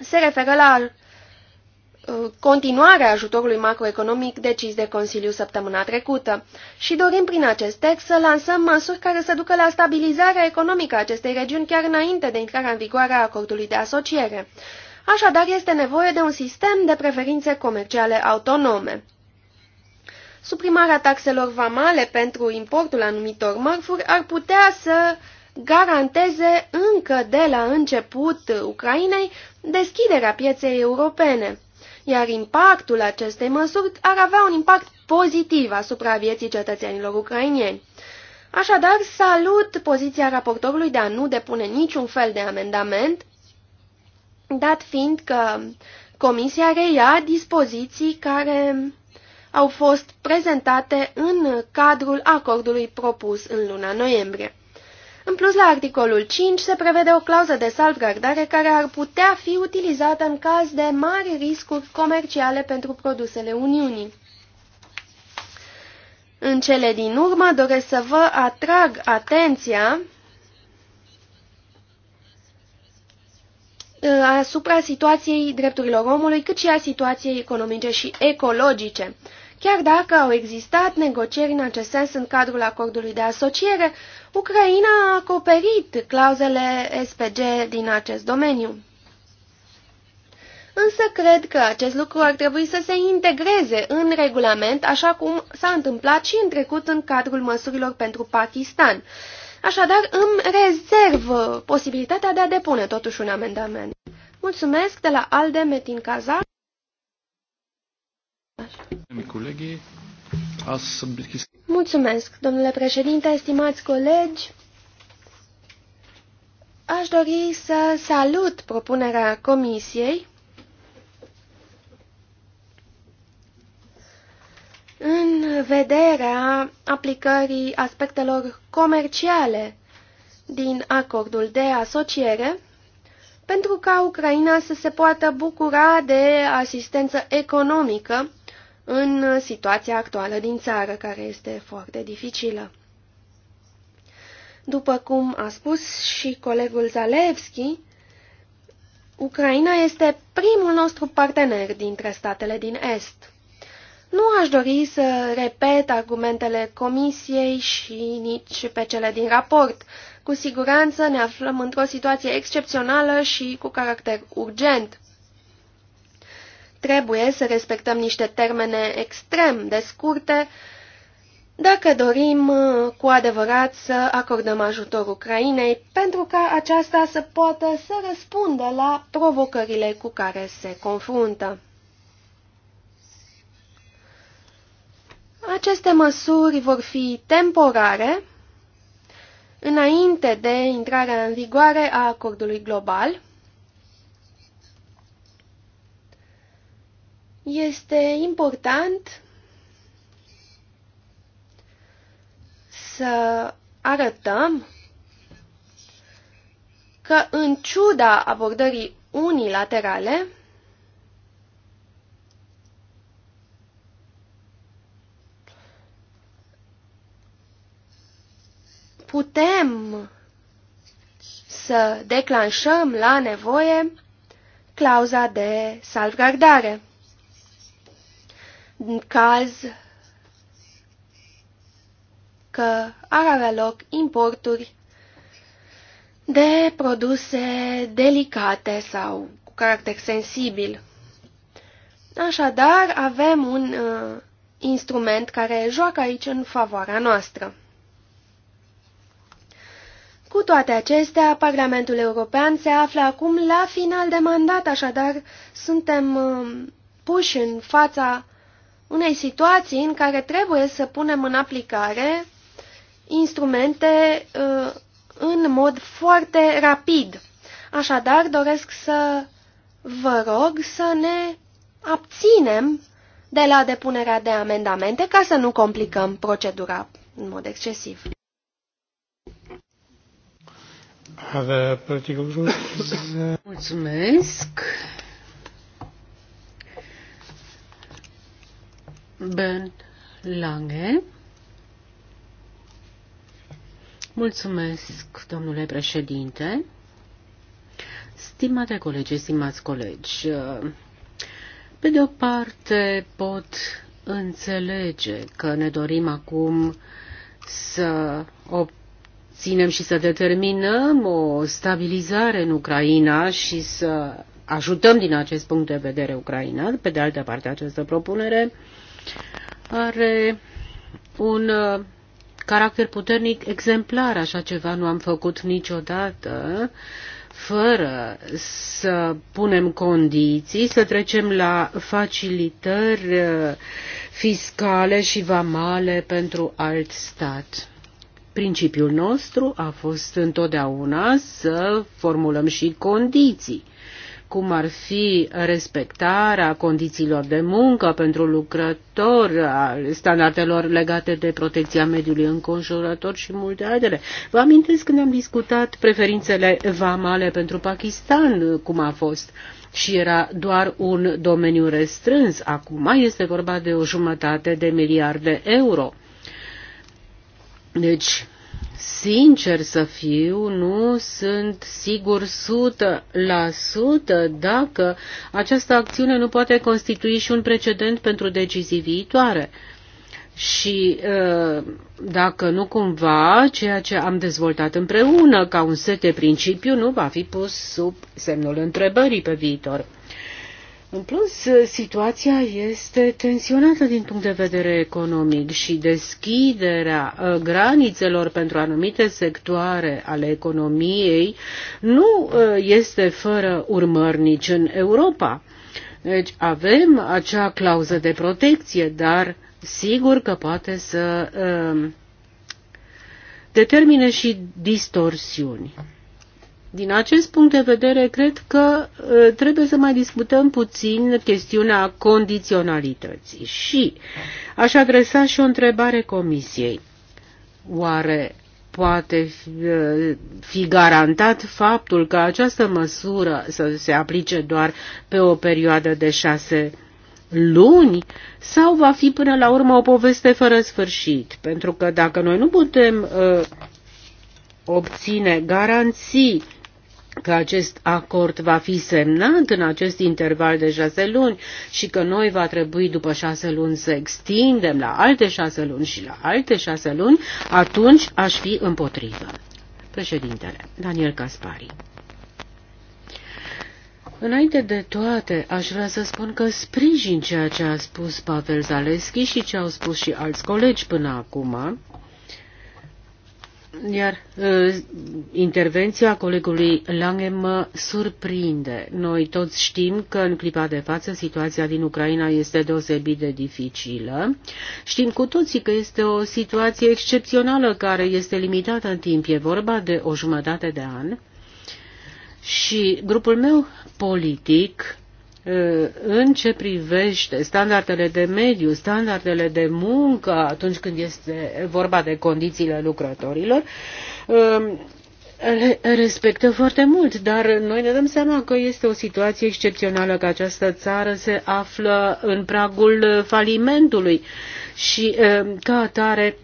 se referă la uh, continuarea ajutorului macroeconomic decis de Consiliu săptămâna trecută și dorim prin acest text să lansăm măsuri care să ducă la stabilizarea economică a acestei regiuni chiar înainte de intrarea în vigoare a acordului de asociere. Așadar, este nevoie de un sistem de preferințe comerciale autonome. Suprimarea taxelor vamale pentru importul anumitor mărfuri ar putea să garanteze încă de la început Ucrainei deschiderea pieței europene, iar impactul acestei măsuri ar avea un impact pozitiv asupra vieții cetățenilor ucrainieni. Așadar, salut poziția raportorului de a nu depune niciun fel de amendament, dat fiind că Comisia reia dispoziții care au fost prezentate în cadrul acordului propus în luna noiembrie. În plus, la articolul 5 se prevede o clauză de salvgardare care ar putea fi utilizată în caz de mari riscuri comerciale pentru produsele Uniunii. În cele din urmă doresc să vă atrag atenția asupra situației drepturilor omului, cât și a situației economice și ecologice. Chiar dacă au existat negocieri în acest sens în cadrul acordului de asociere, Ucraina a acoperit clauzele SPG din acest domeniu. Însă cred că acest lucru ar trebui să se integreze în regulament, așa cum s-a întâmplat și în trecut în cadrul măsurilor pentru Pakistan. Așadar, îmi rezerv posibilitatea de a depune totuși un amendament. Mulțumesc de la Alde Metin Cazac. Mulțumesc, domnule președinte, estimați colegi. Aș dori să salut propunerea Comisiei în vederea aplicării aspectelor comerciale din acordul de asociere pentru ca Ucraina să se poată bucura de asistență economică în situația actuală din țară, care este foarte dificilă. După cum a spus și colegul Zalewski, Ucraina este primul nostru partener dintre statele din Est. Nu aș dori să repet argumentele comisiei și nici pe cele din raport. Cu siguranță ne aflăm într-o situație excepțională și cu caracter urgent. Trebuie să respectăm niște termene extrem de scurte dacă dorim uh, cu adevărat să acordăm ajutor Ucrainei pentru ca aceasta să poată să răspundă la provocările cu care se confruntă. Aceste măsuri vor fi temporare înainte de intrarea în vigoare a acordului global Este important să arătăm că, în ciuda abordării unilaterale, putem să declanșăm la nevoie clauza de salvgardare în caz că ar avea loc importuri de produse delicate sau cu caracter sensibil. Așadar, avem un uh, instrument care joacă aici în favoarea noastră. Cu toate acestea, Parlamentul European se află acum la final de mandat, așadar suntem uh, puși în fața uh, unei situații în care trebuie să punem în aplicare instrumente uh, în mod foarte rapid. Așadar, doresc să vă rog să ne abținem de la depunerea de amendamente ca să nu complicăm procedura în mod excesiv. Mulțumesc. Ben Lange. Mulțumesc, domnule președinte. Stimate colegi, stimați colegi, pe de o parte pot înțelege că ne dorim acum să obținem și să determinăm o stabilizare în Ucraina și să ajutăm din acest punct de vedere Ucraina. Pe de altă parte, această propunere uh, are un uh, caracter puternic exemplar, așa ceva nu am făcut niciodată, fără să punem condiții, să trecem la facilitări uh, fiscale și vamale pentru alt stat. Principiul nostru a fost întotdeauna să formulăm și condiții cum ar fi respectarea condițiilor de muncă pentru lucrători, standardelor legate de protecția mediului înconjurător și multe altele. Vă amintesc când am discutat preferințele vamale pentru Pakistan, cum a fost și era doar un domeniu restrâns. Acum este vorba de o jumătate de miliarde de euro. Deci, Sincer să fiu, nu sunt sigur 100% dacă această acțiune nu poate constitui și un precedent pentru decizii viitoare. Și uh, dacă nu cumva, ceea ce am dezvoltat împreună ca un set de principiu nu va fi pus sub semnul întrebării pe viitor. În plus, situația este tensionată din punct de vedere economic și deschiderea uh, granițelor pentru anumite sectoare ale economiei nu uh, este fără urmări nici în Europa. Deci avem acea clauză de protecție, dar sigur că poate să uh, determine și distorsiuni. Din acest punct de vedere, cred că uh, trebuie să mai discutăm puțin chestiunea condiționalității. Și aș adresa și o întrebare comisiei. Oare poate uh, fi garantat faptul că această măsură să se aplice doar pe o perioadă de șase luni sau va fi până la urmă o poveste fără sfârșit? Pentru că dacă noi nu putem uh, obține garanții că acest acord va fi semnat în acest interval de șase luni și că noi va trebui după șase luni să extindem la alte șase luni și la alte șase luni, atunci aș fi împotrivă. Președintele Daniel Caspari Înainte de toate, aș vrea să spun că sprijin ceea ce a spus Pavel Zaleschi și ce au spus și alți colegi până acum, iar ă, intervenția colegului Lange mă surprinde. Noi toți știm că în clipa de față situația din Ucraina este deosebit de dificilă. Știm cu toții că este o situație excepțională care este limitată în timp. E vorba de o jumătate de an. Și grupul meu politic în ce privește standardele de mediu, standardele de muncă, atunci când este vorba de condițiile lucrătorilor, le um, respectă foarte mult, dar noi ne dăm seama că este o situație excepțională că această țară se află în pragul falimentului și um, ca atare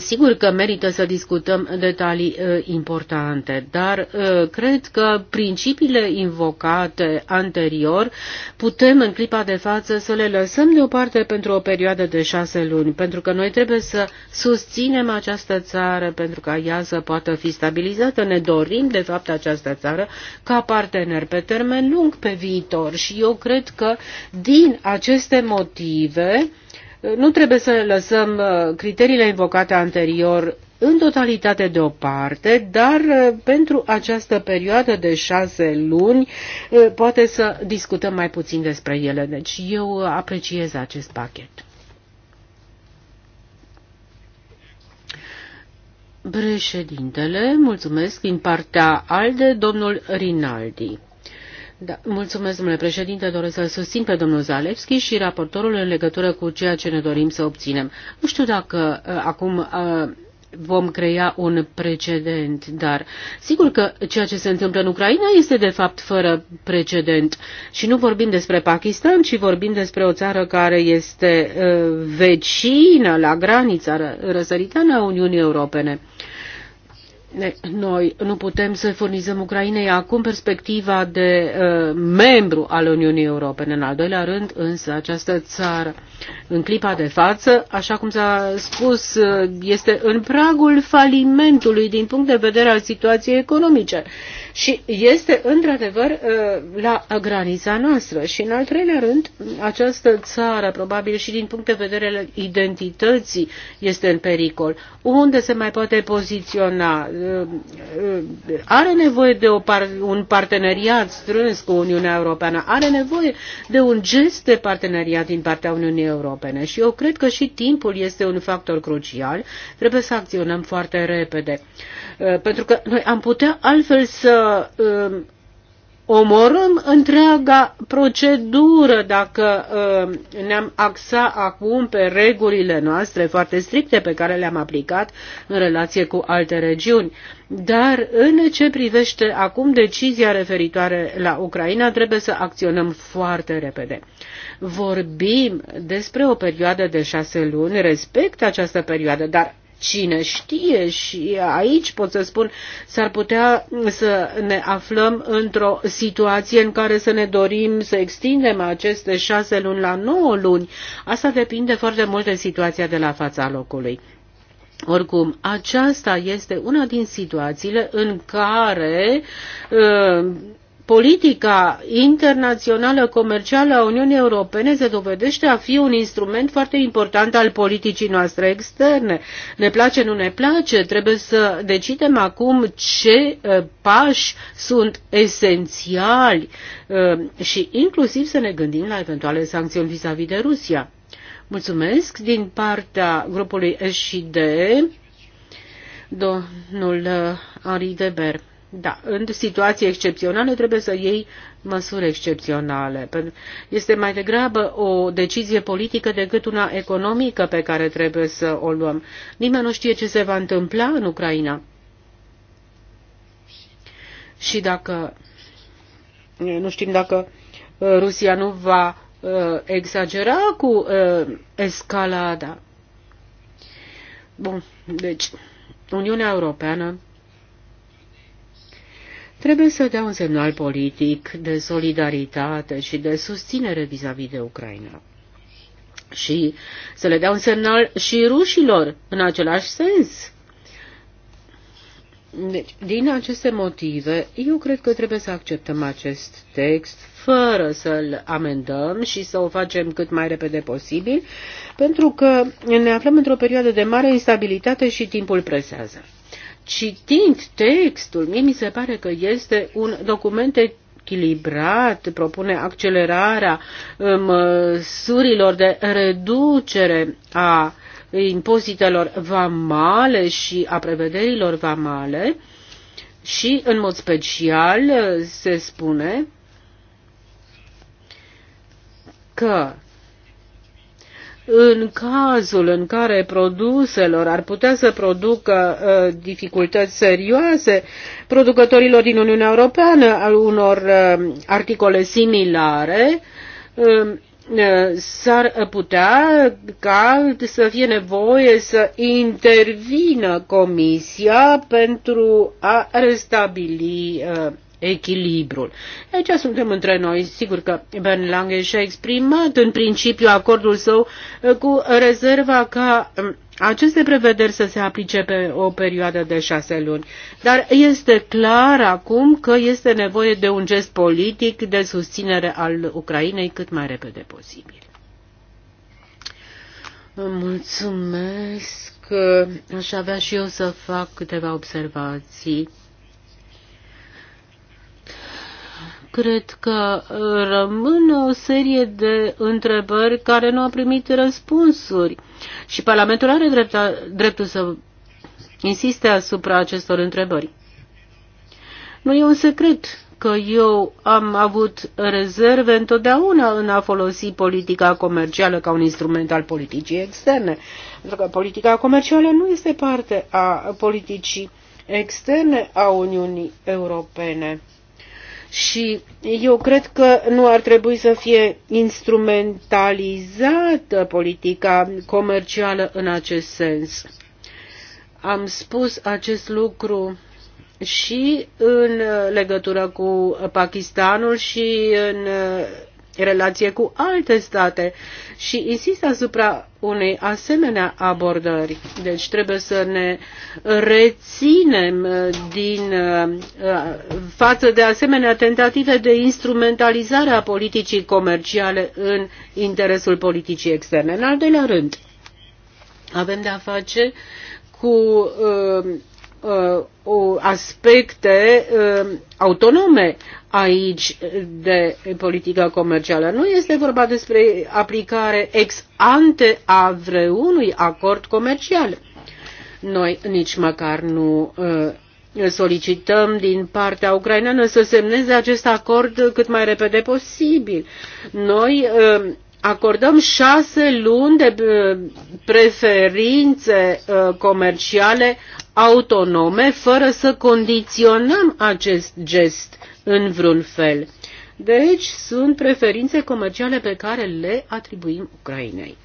Sigur că merită să discutăm detalii uh, importante, dar uh, cred că principiile invocate anterior putem în clipa de față să le lăsăm deoparte pentru o perioadă de șase luni, pentru că noi trebuie să susținem această țară pentru ca ea să poată fi stabilizată. Ne dorim, de fapt, această țară ca partener pe termen lung pe viitor și eu cred că din aceste motive, nu trebuie să lăsăm uh, criteriile invocate anterior în totalitate deoparte, dar uh, pentru această perioadă de șase luni uh, poate să discutăm mai puțin despre ele. Deci eu apreciez acest pachet. Președintele, mulțumesc din partea ALDE, domnul Rinaldi. Da, mulțumesc, domnule președinte. Doresc să-l susțin pe domnul Zalewski și raportorul în legătură cu ceea ce ne dorim să obținem. Nu știu dacă uh, acum uh, vom crea un precedent, dar sigur că ceea ce se întâmplă în Ucraina este de fapt fără precedent. Și nu vorbim despre Pakistan, ci vorbim despre o țară care este uh, vecină la granița răsăritană a Uniunii Europene. Uh, noi nu putem să furnizăm Ucrainei acum perspectiva de uh, membru al Uniunii Europene. În al doilea rând, însă, această țară în clipa de față, așa cum s-a spus, este în pragul falimentului din punct de vedere al situației economice și este într-adevăr uh, la granița noastră. Și în al treilea rând, această țară, probabil și din punct de vedere al identității, este în pericol. Unde se mai poate poziționa? Uh, uh, are nevoie de o par- un parteneriat strâns cu Uniunea Europeană, are nevoie de un gest de parteneriat din partea Uniunii Europene Europene și eu cred că și timpul este un factor crucial. Trebuie să acționăm foarte repede, uh, pentru că noi am putea altfel să uh, omorâm întreaga procedură dacă uh, ne-am axa acum pe regulile noastre foarte stricte pe care le-am aplicat în relație cu alte regiuni. Dar în ce privește acum decizia referitoare la Ucraina, trebuie să acționăm foarte repede. Vorbim despre o perioadă de șase luni, respect această perioadă, dar cine știe și aici pot să spun s-ar putea să ne aflăm într-o situație în care să ne dorim să extindem aceste șase luni la nouă luni. Asta depinde foarte mult de situația de la fața locului. Oricum, aceasta este una din situațiile în care uh, politica internațională comercială a Uniunii Europene se dovedește a fi un instrument foarte important al politicii noastre externe. Ne place, nu ne place, trebuie să decidem acum ce eh, pași sunt esențiali eh, și inclusiv să ne gândim la eventuale sancțiuni vis-a-vis -vis de Rusia. Mulțumesc din partea grupului S&D, domnul Henri eh, Deber. Da, în situații excepționale trebuie să iei măsuri excepționale. Este mai degrabă o decizie politică decât una economică pe care trebuie să o luăm. Nimeni nu știe ce se va întâmpla în Ucraina. Și dacă nu știm dacă Rusia nu va exagera cu escalada. Bun, deci Uniunea Europeană Trebuie să dea un semnal politic de solidaritate și de susținere vis-a-vis -vis de Ucraina. Și să le dea un semnal și rușilor în același sens. Deci, din aceste motive, eu cred că trebuie să acceptăm acest text fără să-l amendăm și să o facem cât mai repede posibil, pentru că ne aflăm într-o perioadă de mare instabilitate și timpul presează citind textul, mie mi se pare că este un document echilibrat, propune accelerarea măsurilor um, de reducere a impozitelor vamale și a prevederilor vamale și, în mod special, se spune că în cazul în care produselor ar putea să producă uh, dificultăți serioase producătorilor din Uniunea Europeană al unor uh, articole similare, um, uh, s-ar putea ca să fie nevoie să intervină Comisia pentru a restabili uh, echilibrul. Aici deci, suntem între noi. Sigur că Ben Lange și-a exprimat în principiu acordul său uh, cu rezerva ca um, aceste prevederi să se aplice pe o perioadă de șase luni. Dar este clar acum că este nevoie de un gest politic de susținere al Ucrainei cât mai repede posibil. Mulțumesc. Aș avea și eu să fac câteva observații. cred că uh, rămân o serie de întrebări care nu au primit răspunsuri și Parlamentul are drepta, dreptul să insiste asupra acestor întrebări. Nu e un secret că eu am avut rezerve întotdeauna în a folosi politica comercială ca un instrument al politicii externe, pentru că politica comercială nu este parte a politicii externe a Uniunii Europene și eu cred că nu ar trebui să fie instrumentalizată politica comercială în acest sens. Am spus acest lucru și în legătură cu Pakistanul și în relație cu alte state și insist asupra unei asemenea abordări. Deci trebuie să ne reținem uh, din uh, uh, față de asemenea tentative de instrumentalizare a politicii comerciale în interesul politicii externe. În al doilea rând, avem de a face cu uh, Uh, aspecte uh, autonome aici de politica comercială. Nu este vorba despre aplicare ex ante a vreunui acord comercial. Noi nici măcar nu uh, solicităm din partea ucraineană să semneze acest acord cât mai repede posibil. Noi acordăm șase luni de uh, preferințe uh, comerciale autonome fără să condiționăm acest gest în vreun fel. Deci sunt preferințe comerciale pe care le atribuim Ucrainei.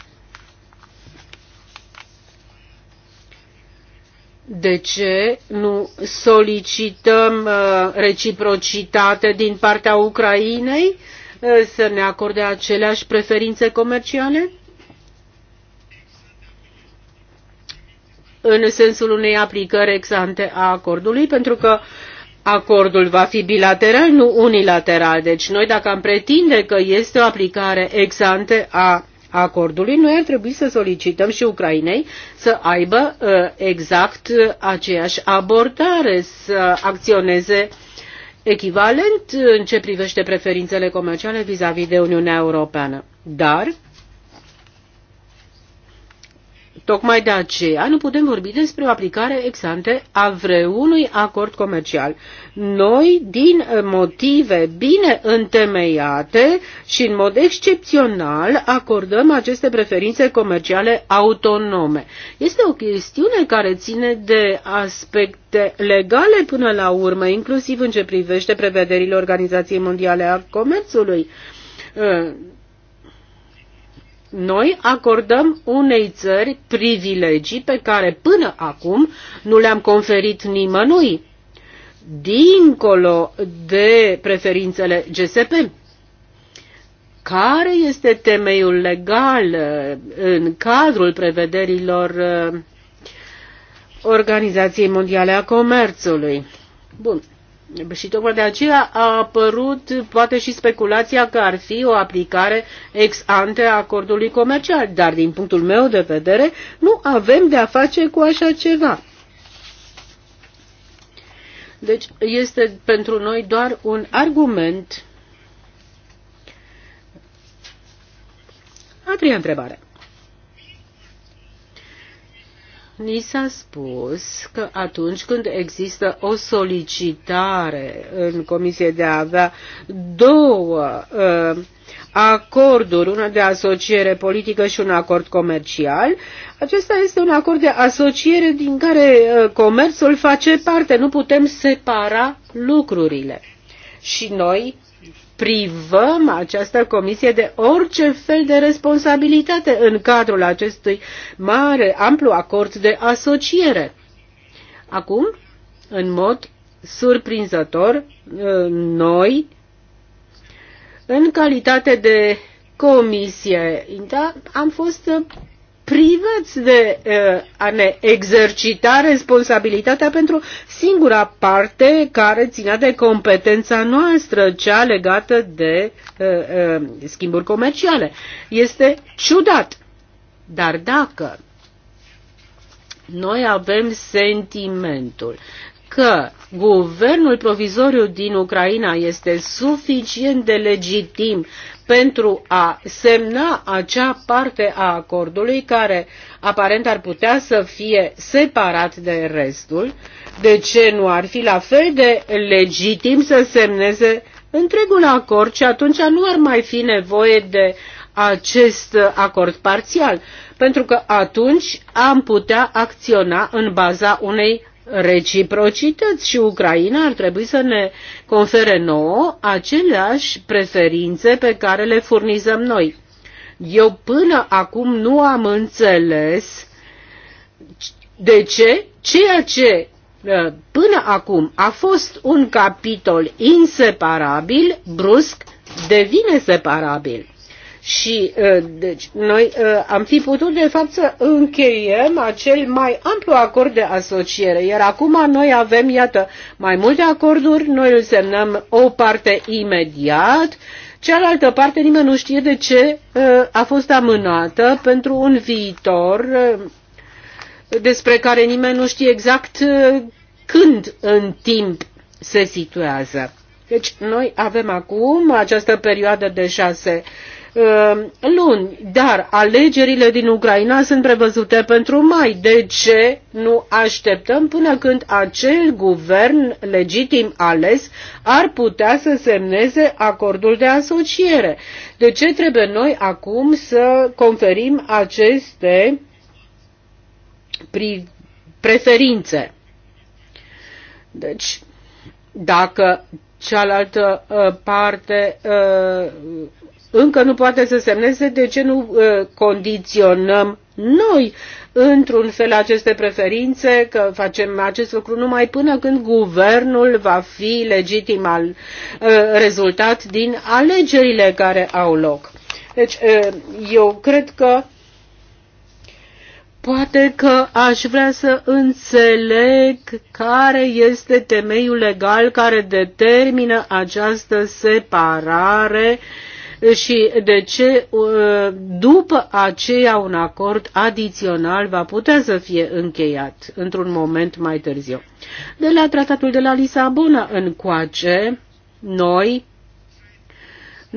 De ce nu solicităm uh, reciprocitate din partea Ucrainei? Uh, să ne acorde aceleași preferințe comerciale? în sensul unei aplicări exante a acordului, pentru că acordul va fi bilateral, nu unilateral. Deci noi dacă am pretinde că este o aplicare exante a acordului, noi ar trebui să solicităm și Ucrainei să aibă uh, exact uh, aceeași abordare, să acționeze uh, echivalent în ce privește preferințele comerciale vis-a-vis de Uniunea Europeană. Dar Tocmai de aceea nu putem vorbi despre o aplicare ex ante a vreunui acord comercial. Noi, din motive bine întemeiate și în mod excepțional, acordăm aceste preferințe comerciale autonome. Este o chestiune care ține de aspecte legale până la urmă, inclusiv în ce privește prevederile Organizației Mondiale a Comerțului noi acordăm unei țări privilegii pe care până acum nu le-am conferit nimănui, dincolo de preferințele GSP. Care este temeiul legal uh, în cadrul prevederilor uh, Organizației Mondiale a Comerțului? Bun. Și tocmai de aceea a apărut poate și speculația că ar fi o aplicare ex ante a acordului comercial, dar din punctul meu de vedere nu avem de a face cu așa ceva. Deci este pentru noi doar un argument. A treia întrebare. Ni s-a spus că atunci când există o solicitare în comisie de a avea două uh, acorduri, una de asociere politică și un acord comercial, acesta este un acord de asociere din care uh, comerțul face parte. Nu putem separa lucrurile. Și noi privăm această comisie de orice fel de responsabilitate în cadrul acestui mare, amplu acord de asociere. Acum, în mod surprinzător, uh, noi, în calitate de comisie, am fost uh, privați de a ne exercita responsabilitatea pentru singura parte care ținea de competența noastră, cea legată de schimburi comerciale. Este ciudat. Dar dacă noi avem sentimentul că guvernul provizoriu din Ucraina este suficient de legitim pentru a semna acea parte a acordului care aparent ar putea să fie separat de restul, de ce nu ar fi la fel de legitim să semneze întregul acord și atunci nu ar mai fi nevoie de acest acord parțial, pentru că atunci am putea acționa în baza unei reciprocități și Ucraina ar trebui să ne confere nouă aceleași preferințe pe care le furnizăm noi. Eu până acum nu am înțeles de ce ceea ce ă, până acum a fost un capitol inseparabil, brusc devine separabil. Și uh, deci, noi uh, am fi putut, de fapt, să încheiem acel mai amplu acord de asociere. Iar acum noi avem, iată, mai multe acorduri, noi îl semnăm o parte imediat, cealaltă parte nimeni nu știe de ce uh, a fost amânată pentru un viitor despre care nimeni nu știe exact când în timp se situează. Deci noi avem acum această perioadă de șase Uh, luni, dar alegerile din Ucraina sunt prevăzute pentru mai. De ce nu așteptăm până când acel guvern legitim ales ar putea să semneze acordul de asociere? De ce trebuie noi acum să conferim aceste preferințe? Deci, dacă cealaltă uh, parte uh, încă nu poate să semneze, de ce nu uh, condiționăm noi într-un fel aceste preferințe, că facem acest lucru numai până când guvernul va fi legitim al uh, rezultat din alegerile care au loc. Deci, uh, eu cred că Poate că aș vrea să înțeleg care este temeiul legal care determină această separare uh, și de ce uh, după aceea un acord adițional va putea să fie încheiat într-un moment mai târziu. De la tratatul de la Lisabona încoace, noi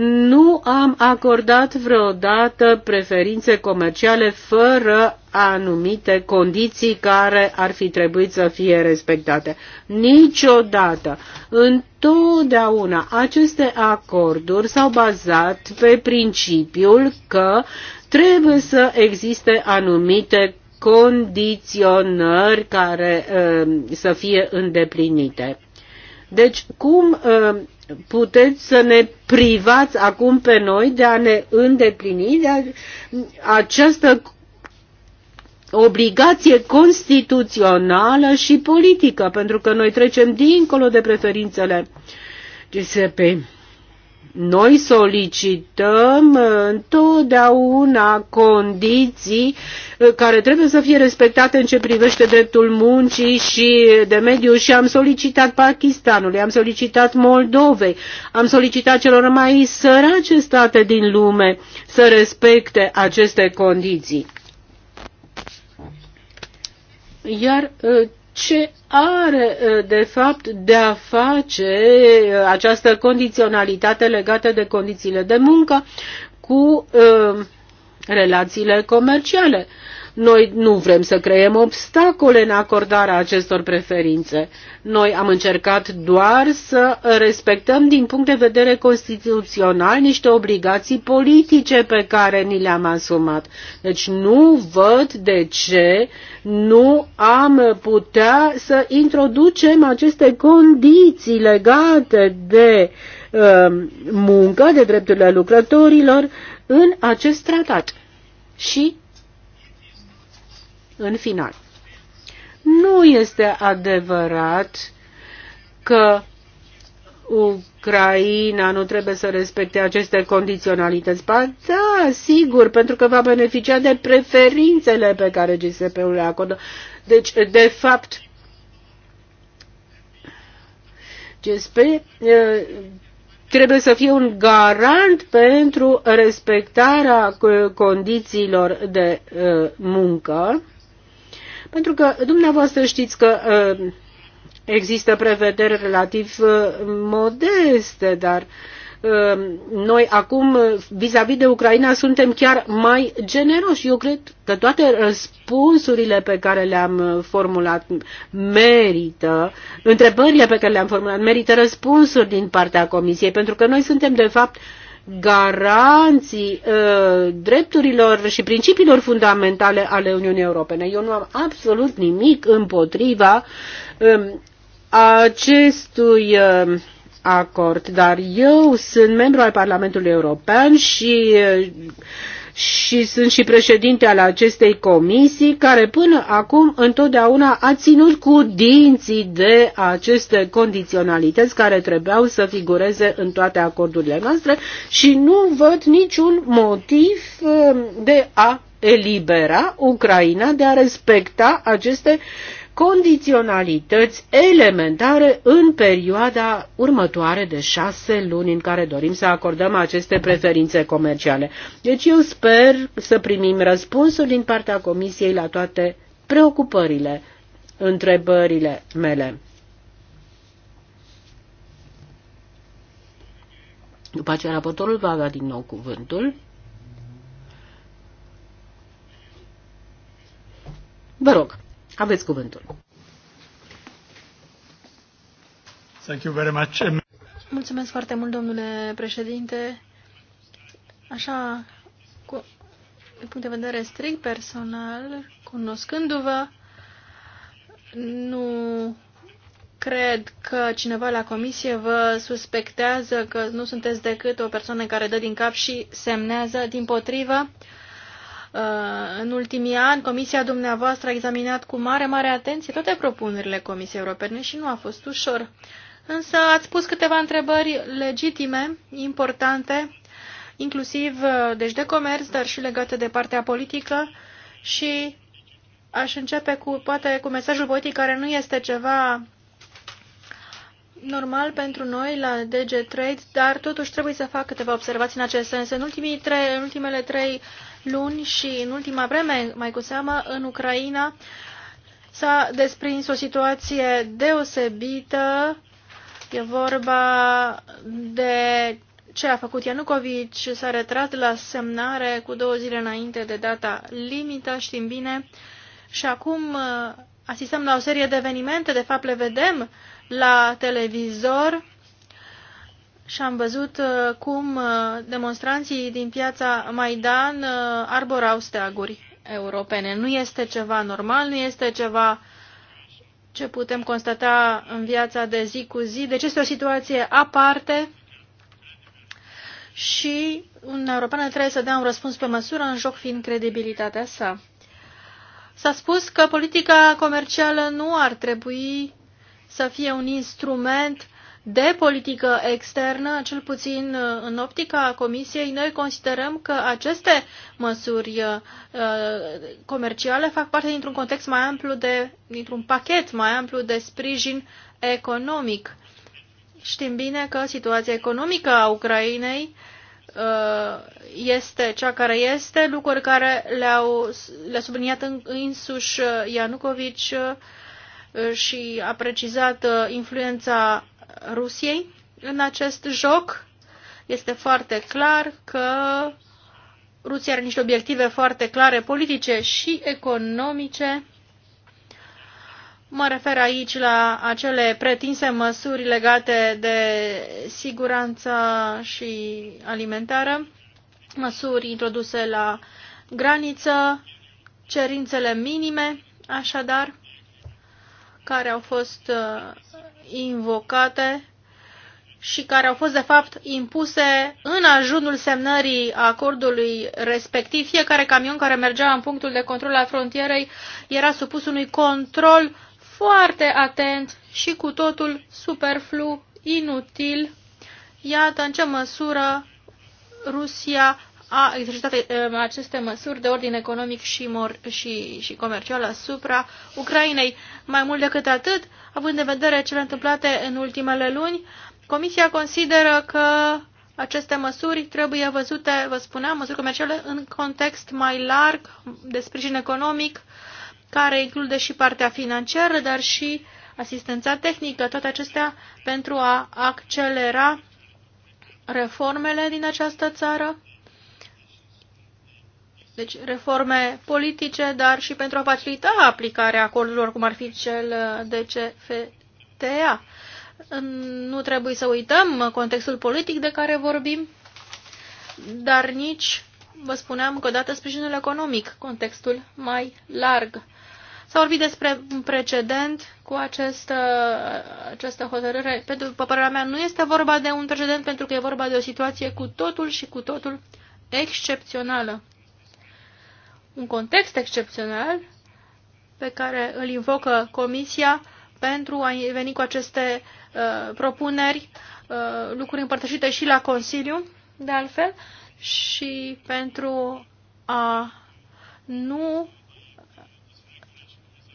nu am acordat vreodată preferințe comerciale fără anumite condiții care ar fi trebuit să fie respectate. Niciodată. Întotdeauna aceste acorduri s-au bazat pe principiul că trebuie să existe anumite condiționări care uh, să fie îndeplinite. Deci, cum uh, puteți să ne privați acum pe noi de a ne îndeplini de această obligație constituțională și politică, pentru că noi trecem dincolo de preferințele GSP. Noi solicităm uh, întotdeauna condiții uh, care trebuie să fie respectate în ce privește dreptul muncii și de mediu și am solicitat Pakistanului, am solicitat Moldovei, am solicitat celor mai sărace state din lume să respecte aceste condiții. Iar uh, ce are ă, de fapt de a face ă, această condiționalitate legată de condițiile de muncă cu uh, relațiile comerciale. Noi nu vrem să creăm obstacole în acordarea acestor preferințe. Noi am încercat doar să respectăm din punct de vedere constituțional niște obligații politice pe care ni le-am asumat. Deci nu văd de ce nu am putea să introducem aceste condiții legate de uh, muncă, de drepturile lucrătorilor în acest tratat. Și în final. Nu este adevărat că Ucraina nu trebuie să respecte aceste condiționalități. Ba da, sigur, pentru că va beneficia de preferințele pe care GSP-ul le acordă. Deci, de fapt, GSP eh, trebuie să fie un garant pentru respectarea eh, condițiilor de eh, muncă pentru că dumneavoastră știți că uh, există prevederi relativ uh, modeste, dar uh, noi acum, vis-a-vis -vis de Ucraina, suntem chiar mai generoși. Eu cred că toate răspunsurile pe care le-am formulat merită, întrebările pe care le-am formulat merită răspunsuri din partea Comisiei, pentru că noi suntem, de fapt, uh, garanții uh, drepturilor și principiilor fundamentale ale Uniunii Europene. Eu nu am absolut nimic împotriva um, acestui uh, acord, dar eu sunt membru al Parlamentului European și uh, și sunt și președinte al acestei comisii, care până acum întotdeauna a ținut cu dinții de aceste condiționalități care trebuiau să figureze în toate acordurile noastre și nu văd niciun motiv um, de a elibera Ucraina de a respecta aceste uh, condiționalități elementare în perioada următoare de șase luni în care dorim să acordăm aceste preferințe comerciale. Deci eu sper să primim răspunsul din partea Comisiei la toate preocupările, întrebările mele. După aceea raportorul va avea din nou cuvântul. Vă rog. Aveți cuvântul. Thank you very much. Mulțumesc foarte mult, domnule președinte. Așa, cu, din punct de vedere strict personal, cunoscându-vă, nu cred că cineva la comisie vă suspectează că nu sunteți decât o persoană care dă din cap și semnează din potrivă. Uh, Uh, în ultimii ani, Comisia dumneavoastră a examinat cu mare, mare atenție toate propunerile Comisiei Europene și nu a fost ușor. Însă ați pus câteva întrebări legitime, importante, inclusiv uh, deci de comerț, dar și legate de partea politică și aș începe cu, poate cu mesajul politic care nu este ceva normal pentru noi la DG Trade, dar totuși trebuie să fac câteva observații în acest sens. În, ultimii trei, în ultimele trei uh, luni și în ultima vreme, mai cu seamă, în Ucraina s-a desprins o situație deosebită. E vorba de ce a făcut Ianucovici, s-a retras la semnare cu două zile înainte de data limită, știm bine, și acum uh, asistăm la o serie de evenimente, de fapt le vedem la televizor, și am văzut uh, cum uh, demonstranții din piața Maidan uh, arborau steaguri europene. Nu este ceva normal, nu este ceva ce putem constata în viața de zi cu zi. Deci este o situație aparte și un european trebuie să dea un răspuns pe măsură, în joc fiind credibilitatea sa. S-a spus că politica comercială nu ar trebui să fie un instrument de politică externă, cel puțin uh, în optica Comisiei, noi considerăm că aceste măsuri uh, comerciale fac parte dintr-un context mai amplu, dintr-un pachet mai amplu de sprijin economic. Știm bine că situația economică a Ucrainei uh, este cea care este, lucruri care le a le subliniat însuși Ianucovici și a precizat influența Rusiei în acest joc. Este foarte clar că Rusia are niște obiective foarte clare politice și economice. Mă refer aici la acele pretinse măsuri legate de siguranța și alimentară, măsuri introduse la graniță, cerințele minime, așadar, care au fost uh, invocate și care au fost, de fapt, impuse în ajunul semnării acordului respectiv. Fiecare camion care mergea în punctul de control al frontierei era supus unui control foarte atent și cu totul superflu, inutil. Iată în ce măsură Rusia a exercitat um, aceste măsuri de ordin economic și, mor- și, și comercial asupra Ucrainei. Mai mult decât atât, având în vedere cele întâmplate în ultimele luni, Comisia consideră că aceste măsuri trebuie văzute, vă spuneam, măsuri comerciale în context mai larg de sprijin economic, care include și partea financiară, dar și asistența tehnică, toate acestea pentru a accelera reformele din această țară deci reforme politice, dar și pentru a facilita aplicarea acordurilor, cum ar fi cel de CFTA. Nu trebuie să uităm contextul politic de care vorbim, dar nici, vă spuneam că odată sprijinul economic, contextul mai larg. S-a vorbit despre un precedent cu această, această hotărâre. Pentru pe părerea mea, nu este vorba de un precedent pentru că e vorba de o situație cu totul și cu totul excepțională un context excepțional pe care îl invocă Comisia pentru a veni cu aceste uh, propuneri, uh, lucruri împărtășite și la Consiliu, de altfel, și pentru a nu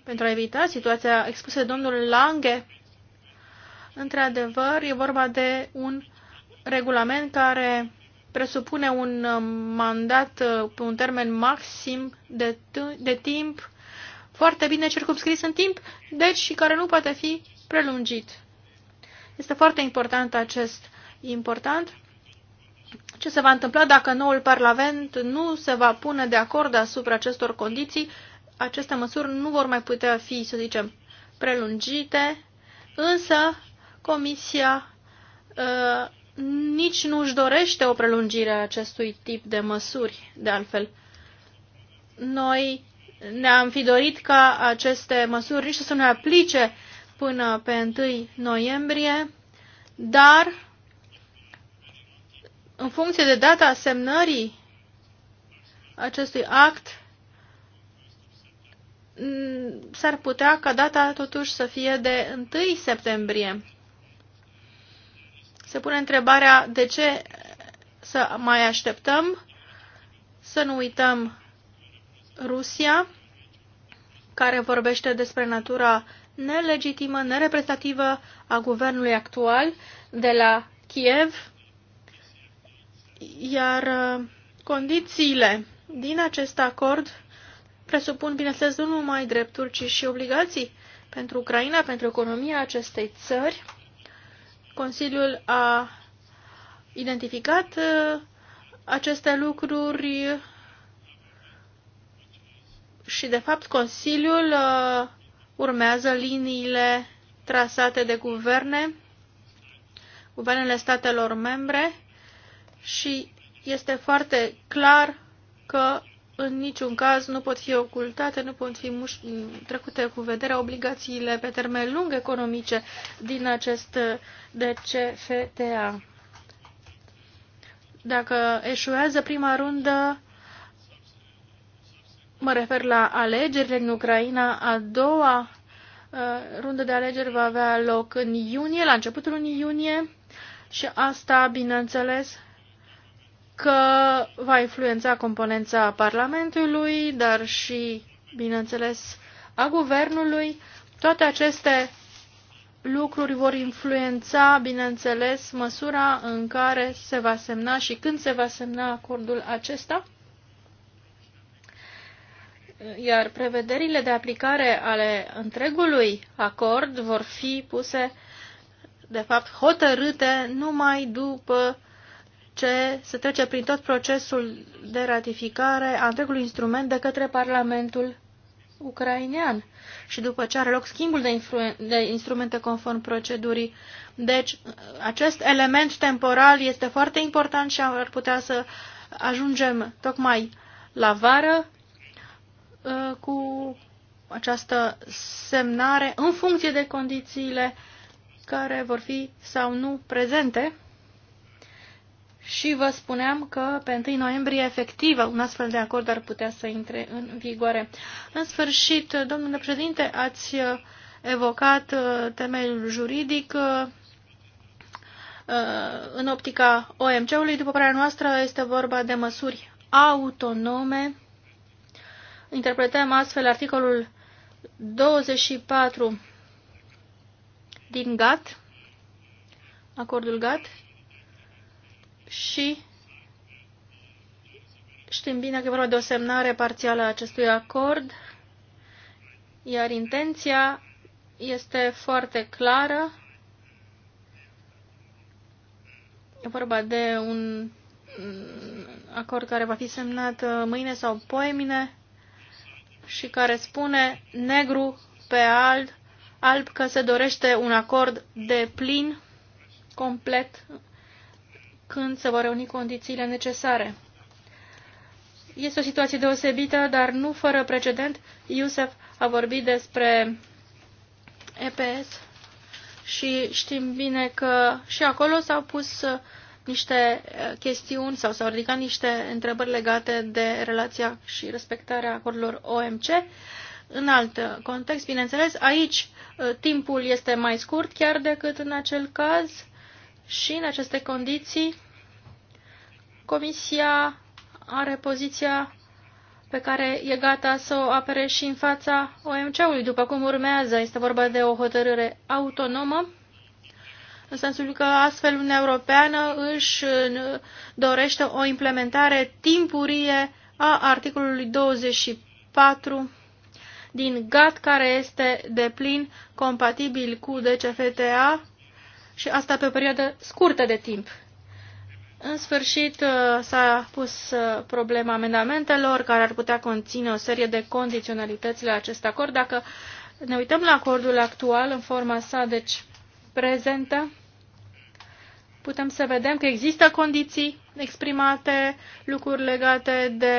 pentru a evita situația expusă de domnul Lange. Într-adevăr, e vorba de un regulament care presupune un um, mandat pe uh, un termen maxim de, de timp foarte bine circumscris în timp, deci și care nu poate fi prelungit. Este foarte important acest important. Ce se va întâmpla dacă noul Parlament nu se va pune de acord asupra acestor condiții? Aceste măsuri nu vor mai putea fi, să zicem, prelungite, însă Comisia uh, nici nu își dorește o prelungire a acestui tip de măsuri, de altfel. Noi ne-am fi dorit ca aceste măsuri nici să nu aplice până pe 1 noiembrie, dar în funcție de data semnării acestui act, s-ar putea ca data totuși să fie de 1 septembrie se pune întrebarea de ce să mai așteptăm, să nu uităm Rusia, care vorbește despre natura nelegitimă, nereprezentativă a guvernului actual de la Kiev, iar uh, condițiile din acest acord presupun, bineînțeles, nu numai drepturi, ci și obligații pentru Ucraina, pentru economia acestei țări Consiliul a identificat uh, aceste lucruri și, de fapt, Consiliul uh, urmează liniile trasate de guverne, guvernele statelor membre și este foarte clar că în niciun caz nu pot fi ocultate, nu pot fi trecute cu vederea obligațiile pe termen lung economice din acest uh, DCFTA. Dacă eșuează prima rundă, mă refer la alegerile în Ucraina, a doua uh, rundă de alegeri va avea loc în iunie, la începutul lunii iunie și asta, bineînțeles, că va influența componența Parlamentului, dar și, bineînțeles, a Guvernului. Toate aceste lucruri vor influența, bineînțeles, măsura în care se va semna și când se va semna acordul acesta. Iar prevederile de aplicare ale întregului acord vor fi puse, de fapt, hotărâte numai după ce se trece prin tot procesul de ratificare a întregului instrument de către Parlamentul ucrainean și după ce are loc schimbul de, de instrumente conform procedurii. Deci, acest element temporal este foarte important și ar putea să ajungem tocmai la vară ă, cu această semnare în funcție de condițiile care vor fi sau nu prezente și vă spuneam că pe 1 noiembrie efectiv un astfel de acord ar putea să intre în vigoare. În sfârșit, domnule președinte, ați uh, evocat uh, temeiul juridic uh, în optica OMC-ului. După părerea noastră, este vorba de măsuri autonome. Interpretăm astfel articolul 24 din GATT, acordul GATT, și știm bine că e vorba de o semnare parțială a acestui acord, iar intenția este foarte clară. E vorba de un acord care va fi semnat uh, mâine sau poimine și care spune negru pe alb, alb că se dorește un acord de plin, complet, când se vor reuni condițiile necesare. Este o situație deosebită, dar nu fără precedent. Iusef a vorbit despre EPS și știm bine că și acolo s-au pus uh, niște uh, chestiuni sau s-au ridicat niște întrebări legate de relația și respectarea acordurilor OMC. În alt context, bineînțeles, aici uh, timpul este mai scurt chiar decât în acel caz și în aceste condiții Comisia are poziția pe care e gata să o apere și în fața OMC-ului, după cum urmează. Este vorba de o hotărâre autonomă, în sensul că astfel Uniunea Europeană își dorește o implementare timpurie a articolului 24 din GATT, care este de plin compatibil cu DCFTA și asta pe o perioadă scurtă de timp. În sfârșit, uh, s-a pus uh, problema amendamentelor care ar putea conține o serie de condiționalități la acest acord. Dacă ne uităm la acordul actual în forma sa, deci prezentă, putem să vedem că există condiții exprimate, lucruri legate de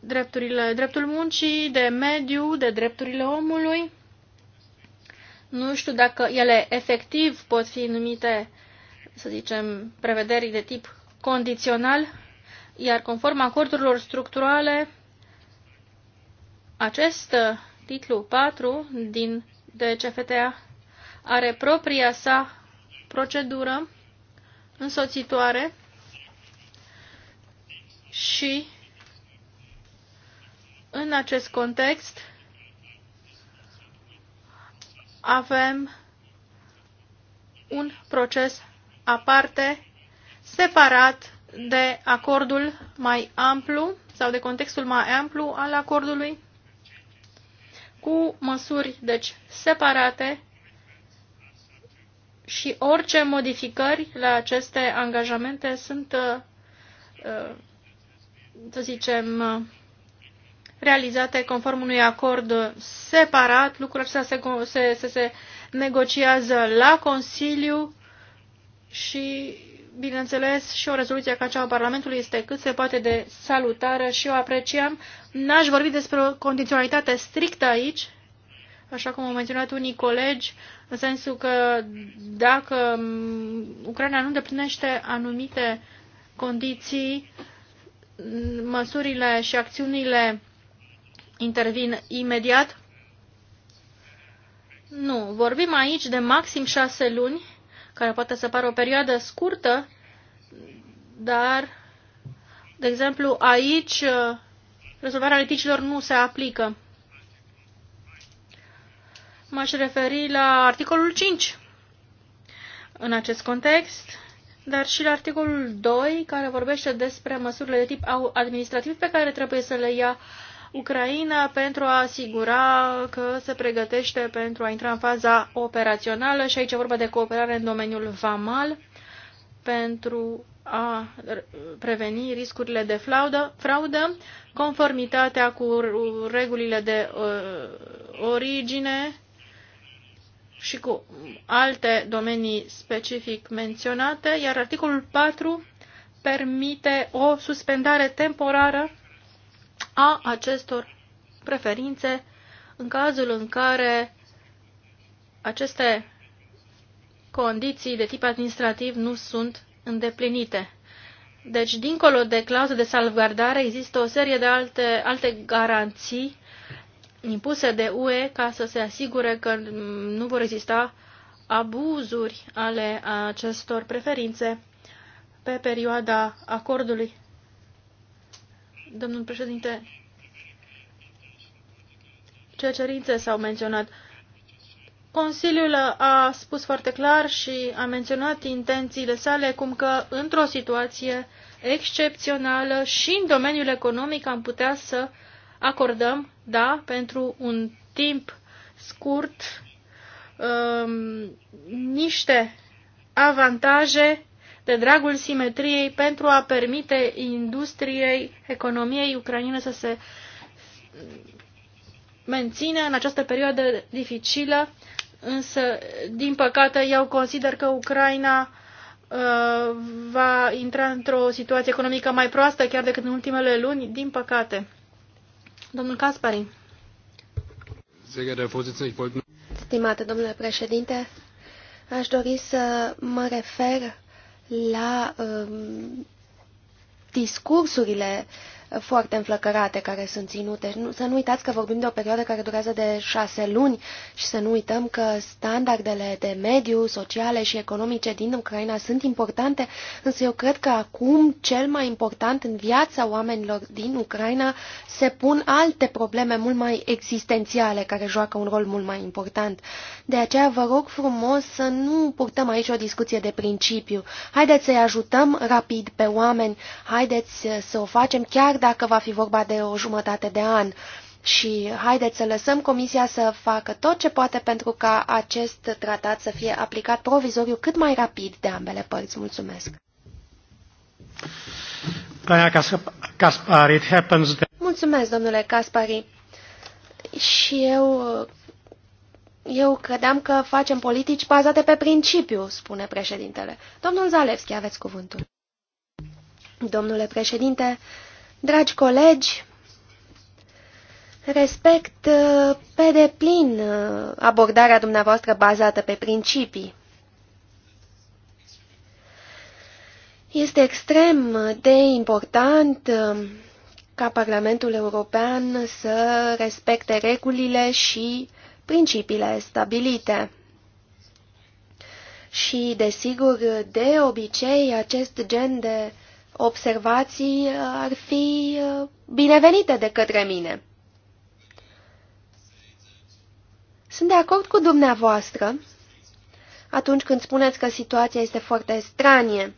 drepturile, dreptul muncii, de mediu, de drepturile omului nu știu dacă ele efectiv pot fi numite, să zicem, prevederi de tip condițional, iar conform acordurilor structurale, acest uh, titlu 4 din DCFTA are propria sa procedură însoțitoare și în acest context avem un proces aparte, separat de acordul mai amplu sau de contextul mai amplu al acordului, cu măsuri, deci, separate și orice modificări la aceste angajamente sunt, uh, uh, să zicem, uh, realizate conform unui acord separat. Lucrul acestea se, se, se, se negociază la Consiliu și, bineînțeles, și o rezoluție ca cea a Parlamentului este cât se poate de salutară și o apreciam. N-aș vorbi despre o condiționalitate strictă aici, așa cum au menționat unii colegi, în sensul că dacă Ucraina nu îndeplinește anumite condiții, măsurile și acțiunile intervin imediat. Nu, vorbim aici de maxim șase luni, care poate să pară o perioadă scurtă, dar, de exemplu, aici uh, rezolvarea litigilor nu se aplică. M-aș referi la articolul 5 în acest context, dar și la articolul 2, care vorbește despre măsurile de tip administrativ pe care trebuie să le ia uh, Ucraina pentru a asigura că se pregătește pentru a intra în faza operațională și aici e vorba de cooperare în domeniul VAMAL pentru a preveni riscurile de fraudă, fraudă conformitatea cu regulile de uh, origine și cu alte domenii specific menționate, iar articolul 4 permite o suspendare temporară a acestor preferințe în cazul în care aceste condiții de tip administrativ nu sunt îndeplinite. Deci, dincolo de clauze de salvgardare, există o serie de alte, alte garanții impuse de UE ca să se asigure că nu vor exista abuzuri ale acestor preferințe pe perioada acordului. Domnul președinte, ce cerințe s-au menționat? Consiliul a spus foarte clar și a menționat intențiile sale cum că într-o situație excepțională și în domeniul economic am putea să acordăm, da, pentru un timp scurt, um, niște avantaje de dragul simetriei pentru a permite industriei, economiei ucrainene să se mențină în această perioadă dificilă, însă, din păcate, eu consider că Ucraina uh, va intra într-o situație economică mai proastă chiar decât în ultimele luni, din păcate. Domnul Casparin. Stimate domnule președinte, aș dori să mă refer la uh, discursurile uh, foarte înflăcărate care sunt ținute. Să nu uitați că vorbim de o perioadă care durează de șase luni și să nu uităm că standardele de mediu, sociale și economice din Ucraina sunt importante, însă eu cred că acum cel mai important în viața oamenilor din Ucraina se pun alte probleme mult mai existențiale care joacă un rol mult mai important. De aceea vă rog frumos să nu purtăm aici o discuție de principiu. Haideți să-i ajutăm rapid pe oameni, haideți să o facem chiar dacă va fi vorba de o jumătate de an. Și haideți să lăsăm Comisia să facă tot ce poate pentru ca acest tratat să fie aplicat provizoriu cât mai rapid de ambele părți. Mulțumesc! Mulțumesc, domnule Caspari. Și eu, eu credeam că facem politici bazate pe principiu, spune președintele. Domnul Zalewski, aveți cuvântul. Domnule președinte, Dragi colegi, respect uh, pe deplin uh, abordarea dumneavoastră bazată pe principii. Este extrem de important uh, ca Parlamentul European să respecte regulile și principiile stabilite. Și, desigur, de obicei, acest gen de observații uh, ar fi uh, binevenite de către mine. Sunt de acord cu dumneavoastră atunci când spuneți că situația este foarte stranie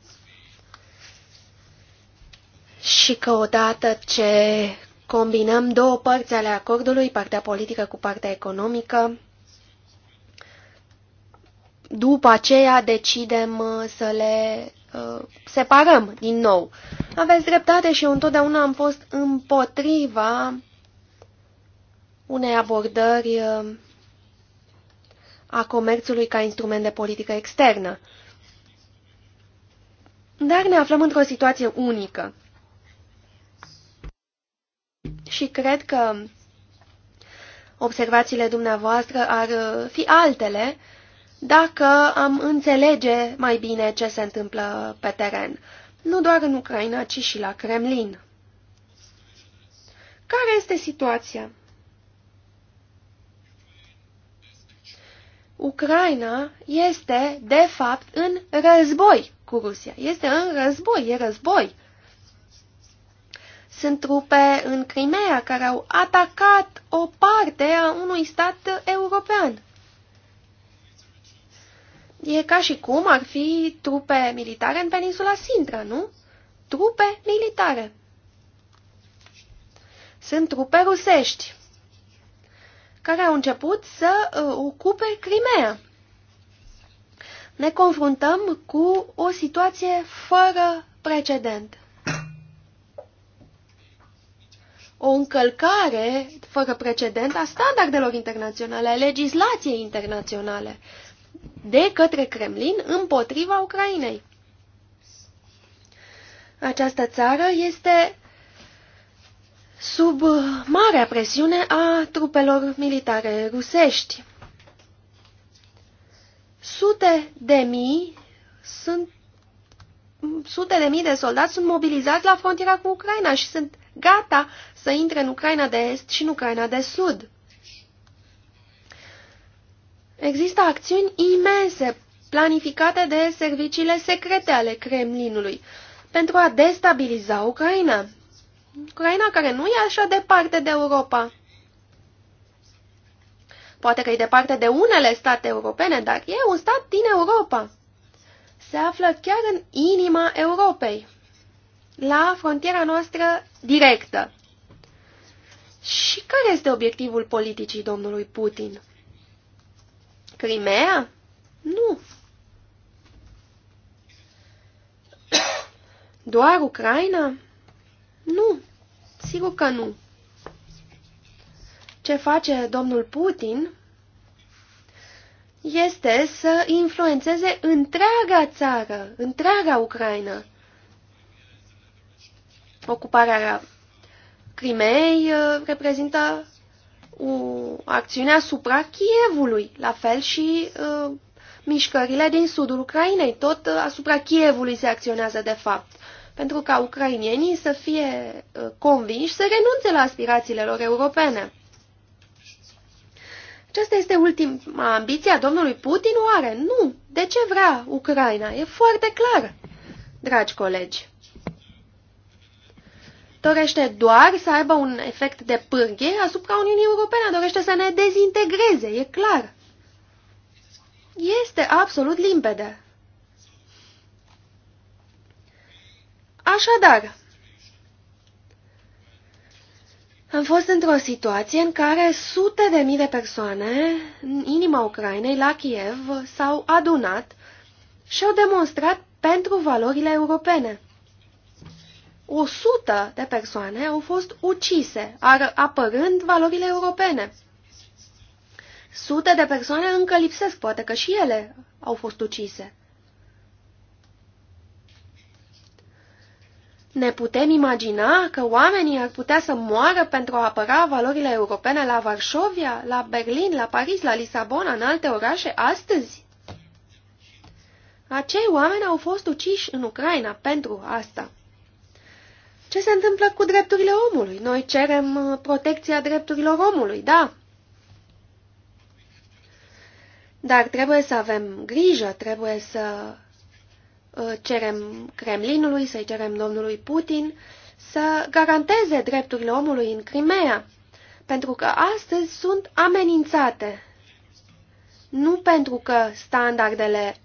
și că odată ce combinăm două părți ale acordului, partea politică cu partea economică, după aceea decidem uh, să le uh, separăm din nou. Aveți dreptate și eu întotdeauna am fost împotriva unei abordări uh, a comerțului ca instrument de politică externă. Dar ne aflăm într-o situație unică. Și cred că observațiile dumneavoastră ar uh, fi altele dacă am înțelege mai bine ce se întâmplă pe teren, nu doar în Ucraina, ci și la Kremlin. Care este situația? Ucraina este, de fapt, în război cu Rusia. Este în război, e război. Sunt trupe în Crimea care au atacat o parte a unui stat european. E ca și cum ar fi trupe militare în peninsula Sintra, nu? Trupe militare. Sunt trupe rusești care au început să uh, ocupe Crimea. Ne confruntăm cu o situație fără precedent. O încălcare fără precedent a standardelor internaționale, a legislației internaționale de către Kremlin împotriva Ucrainei. Această țară este sub marea presiune a trupelor militare rusești. Sute de mii sunt sute de mii de soldați sunt mobilizați la frontiera cu Ucraina și sunt gata să intre în Ucraina de Est și în Ucraina de Sud. Există acțiuni imense planificate de serviciile secrete ale Kremlinului pentru a destabiliza Ucraina. Ucraina care nu e așa departe de Europa. Poate că e departe de unele state europene, dar e un stat din Europa. Se află chiar în inima Europei, la frontiera noastră directă. Și care este obiectivul politicii domnului Putin? Crimea? Nu. Doar Ucraina? Nu. Sigur că nu. Ce face domnul Putin este să influențeze întreaga țară, întreaga Ucraina. Ocuparea Crimei uh, reprezintă o acțiune asupra Chievului, la fel și uh, mișcările din sudul Ucrainei, tot uh, asupra Chievului se acționează de fapt, pentru ca ucrainienii să fie uh, convinși să renunțe la aspirațiile lor europene. Aceasta este ultima ambiție a domnului Putin, oare? Nu! De ce vrea Ucraina? E foarte clar, dragi colegi dorește doar să aibă un efect de pârghie asupra Uniunii Europene, dorește să ne dezintegreze, e clar. Este absolut limpede. Așadar, am fost într-o situație în care sute de mii de persoane în inima Ucrainei, la Kiev, s-au adunat și au demonstrat pentru valorile europene. 100 de persoane au fost ucise, apărând valorile europene. Sute de persoane încă lipsesc, poate că și ele au fost ucise. Ne putem imagina că oamenii ar putea să moară pentru a apăra valorile europene la Varșovia, la Berlin, la Paris, la Lisabona, în alte orașe astăzi? Acei oameni au fost uciși în Ucraina pentru asta. Ce se întâmplă cu drepturile omului? Noi cerem uh, protecția drepturilor omului, da. Dar trebuie să avem grijă, trebuie să uh, cerem Kremlinului, să-i cerem domnului Putin să garanteze drepturile omului în Crimea, pentru că astăzi sunt amenințate. Nu pentru că standardele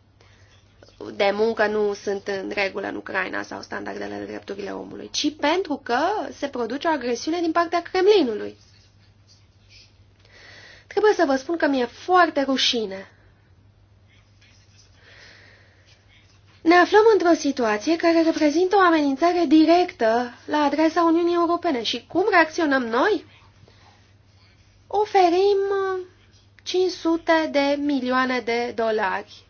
de muncă nu sunt în regulă în Ucraina sau standardele de drepturile omului, ci pentru că se produce o agresiune din partea Kremlinului. Trebuie să vă spun că mi-e foarte rușine. Ne aflăm într-o situație care reprezintă o amenințare directă la adresa Uniunii Europene și cum reacționăm noi? Oferim 500 de milioane de dolari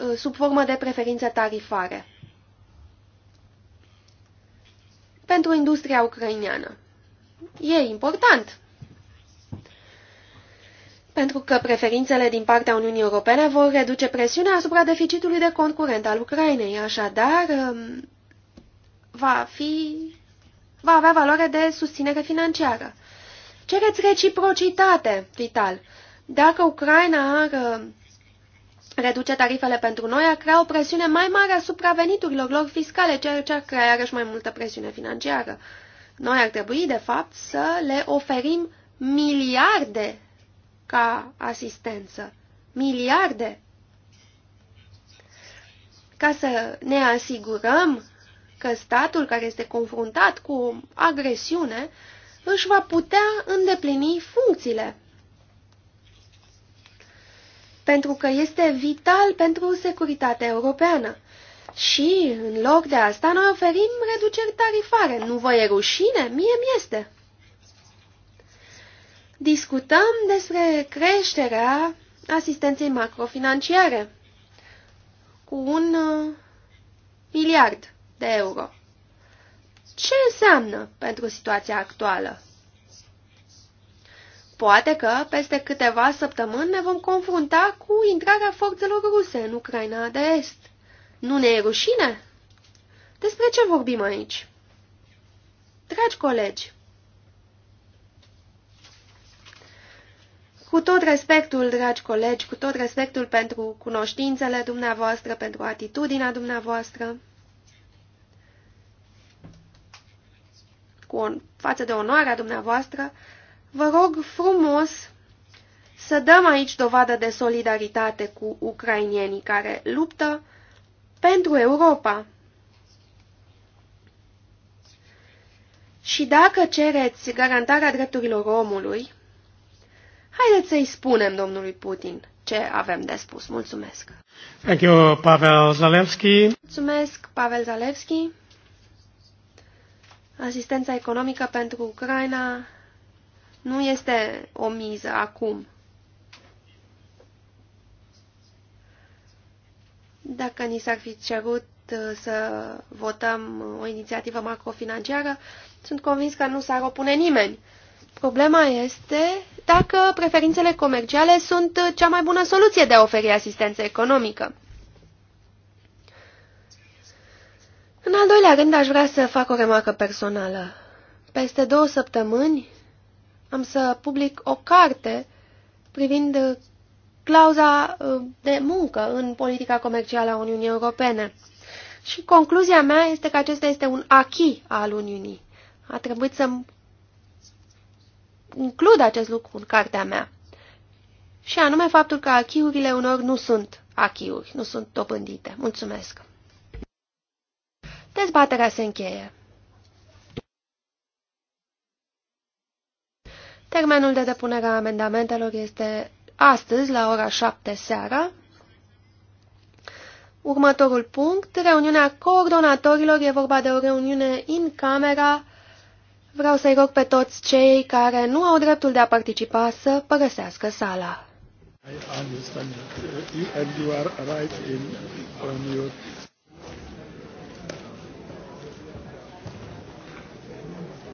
Uh, sub formă de preferințe tarifare pentru industria ucraineană. E important, pentru că preferințele din partea Uniunii Europene vor reduce presiunea asupra deficitului de concurent al Ucrainei, așadar um, va, fi, va avea valoare de susținere financiară. Cereți reciprocitate, vital. Dacă Ucraina ar um, reduce tarifele pentru noi ar crea o presiune mai mare asupra veniturilor lor fiscale, ceea ce ar crea iarăși mai multă presiune financiară. Noi ar trebui, de fapt, să le oferim miliarde ca asistență. Miliarde! Ca să ne asigurăm că statul care este confruntat cu agresiune își va putea îndeplini funcțiile pentru că este vital pentru securitatea europeană. Și, în loc de asta, noi oferim reduceri tarifare. Nu vă e rușine? Mie mi este. Discutăm despre creșterea asistenței macrofinanciare cu un uh, miliard de euro. Ce înseamnă pentru situația actuală? Poate că peste câteva săptămâni ne vom confrunta cu intrarea forțelor ruse în Ucraina de Est. Nu ne e rușine? Despre ce vorbim aici? Dragi colegi, cu tot respectul, dragi colegi, cu tot respectul pentru cunoștințele dumneavoastră, pentru atitudinea dumneavoastră, cu o, față de onoarea dumneavoastră, Vă rog frumos să dăm aici dovadă de solidaritate cu ucrainienii care luptă pentru Europa. Și dacă cereți garantarea drepturilor omului, haideți să-i spunem domnului Putin ce avem de spus. Mulțumesc! Thank you, Pavel Zalewski. Mulțumesc, Pavel Zalewski. Asistența economică pentru Ucraina nu este o miză acum. Dacă ni s-ar fi cerut uh, să votăm o inițiativă macrofinanciară, sunt convins că nu s-ar opune nimeni. Problema este dacă preferințele comerciale sunt uh, cea mai bună soluție de a oferi asistență economică. În al doilea rând, aș vrea să fac o remarcă personală. Peste două săptămâni am să public o carte privind uh, clauza uh, de muncă în politica comercială a Uniunii Europene. Și concluzia mea este că acesta este un achi al Uniunii. A trebuit să includ acest lucru în cartea mea. Și anume faptul că achiurile unor nu sunt achiuri, nu sunt dobândite. Mulțumesc! Dezbaterea se încheie. Termenul de depunere a amendamentelor este astăzi la ora 7 seara. Următorul punct, reuniunea coordonatorilor, e vorba de o reuniune în camera. Vreau să-i rog pe toți cei care nu au dreptul de a participa să părăsească sala. I understand uh, you, and you are right in, on your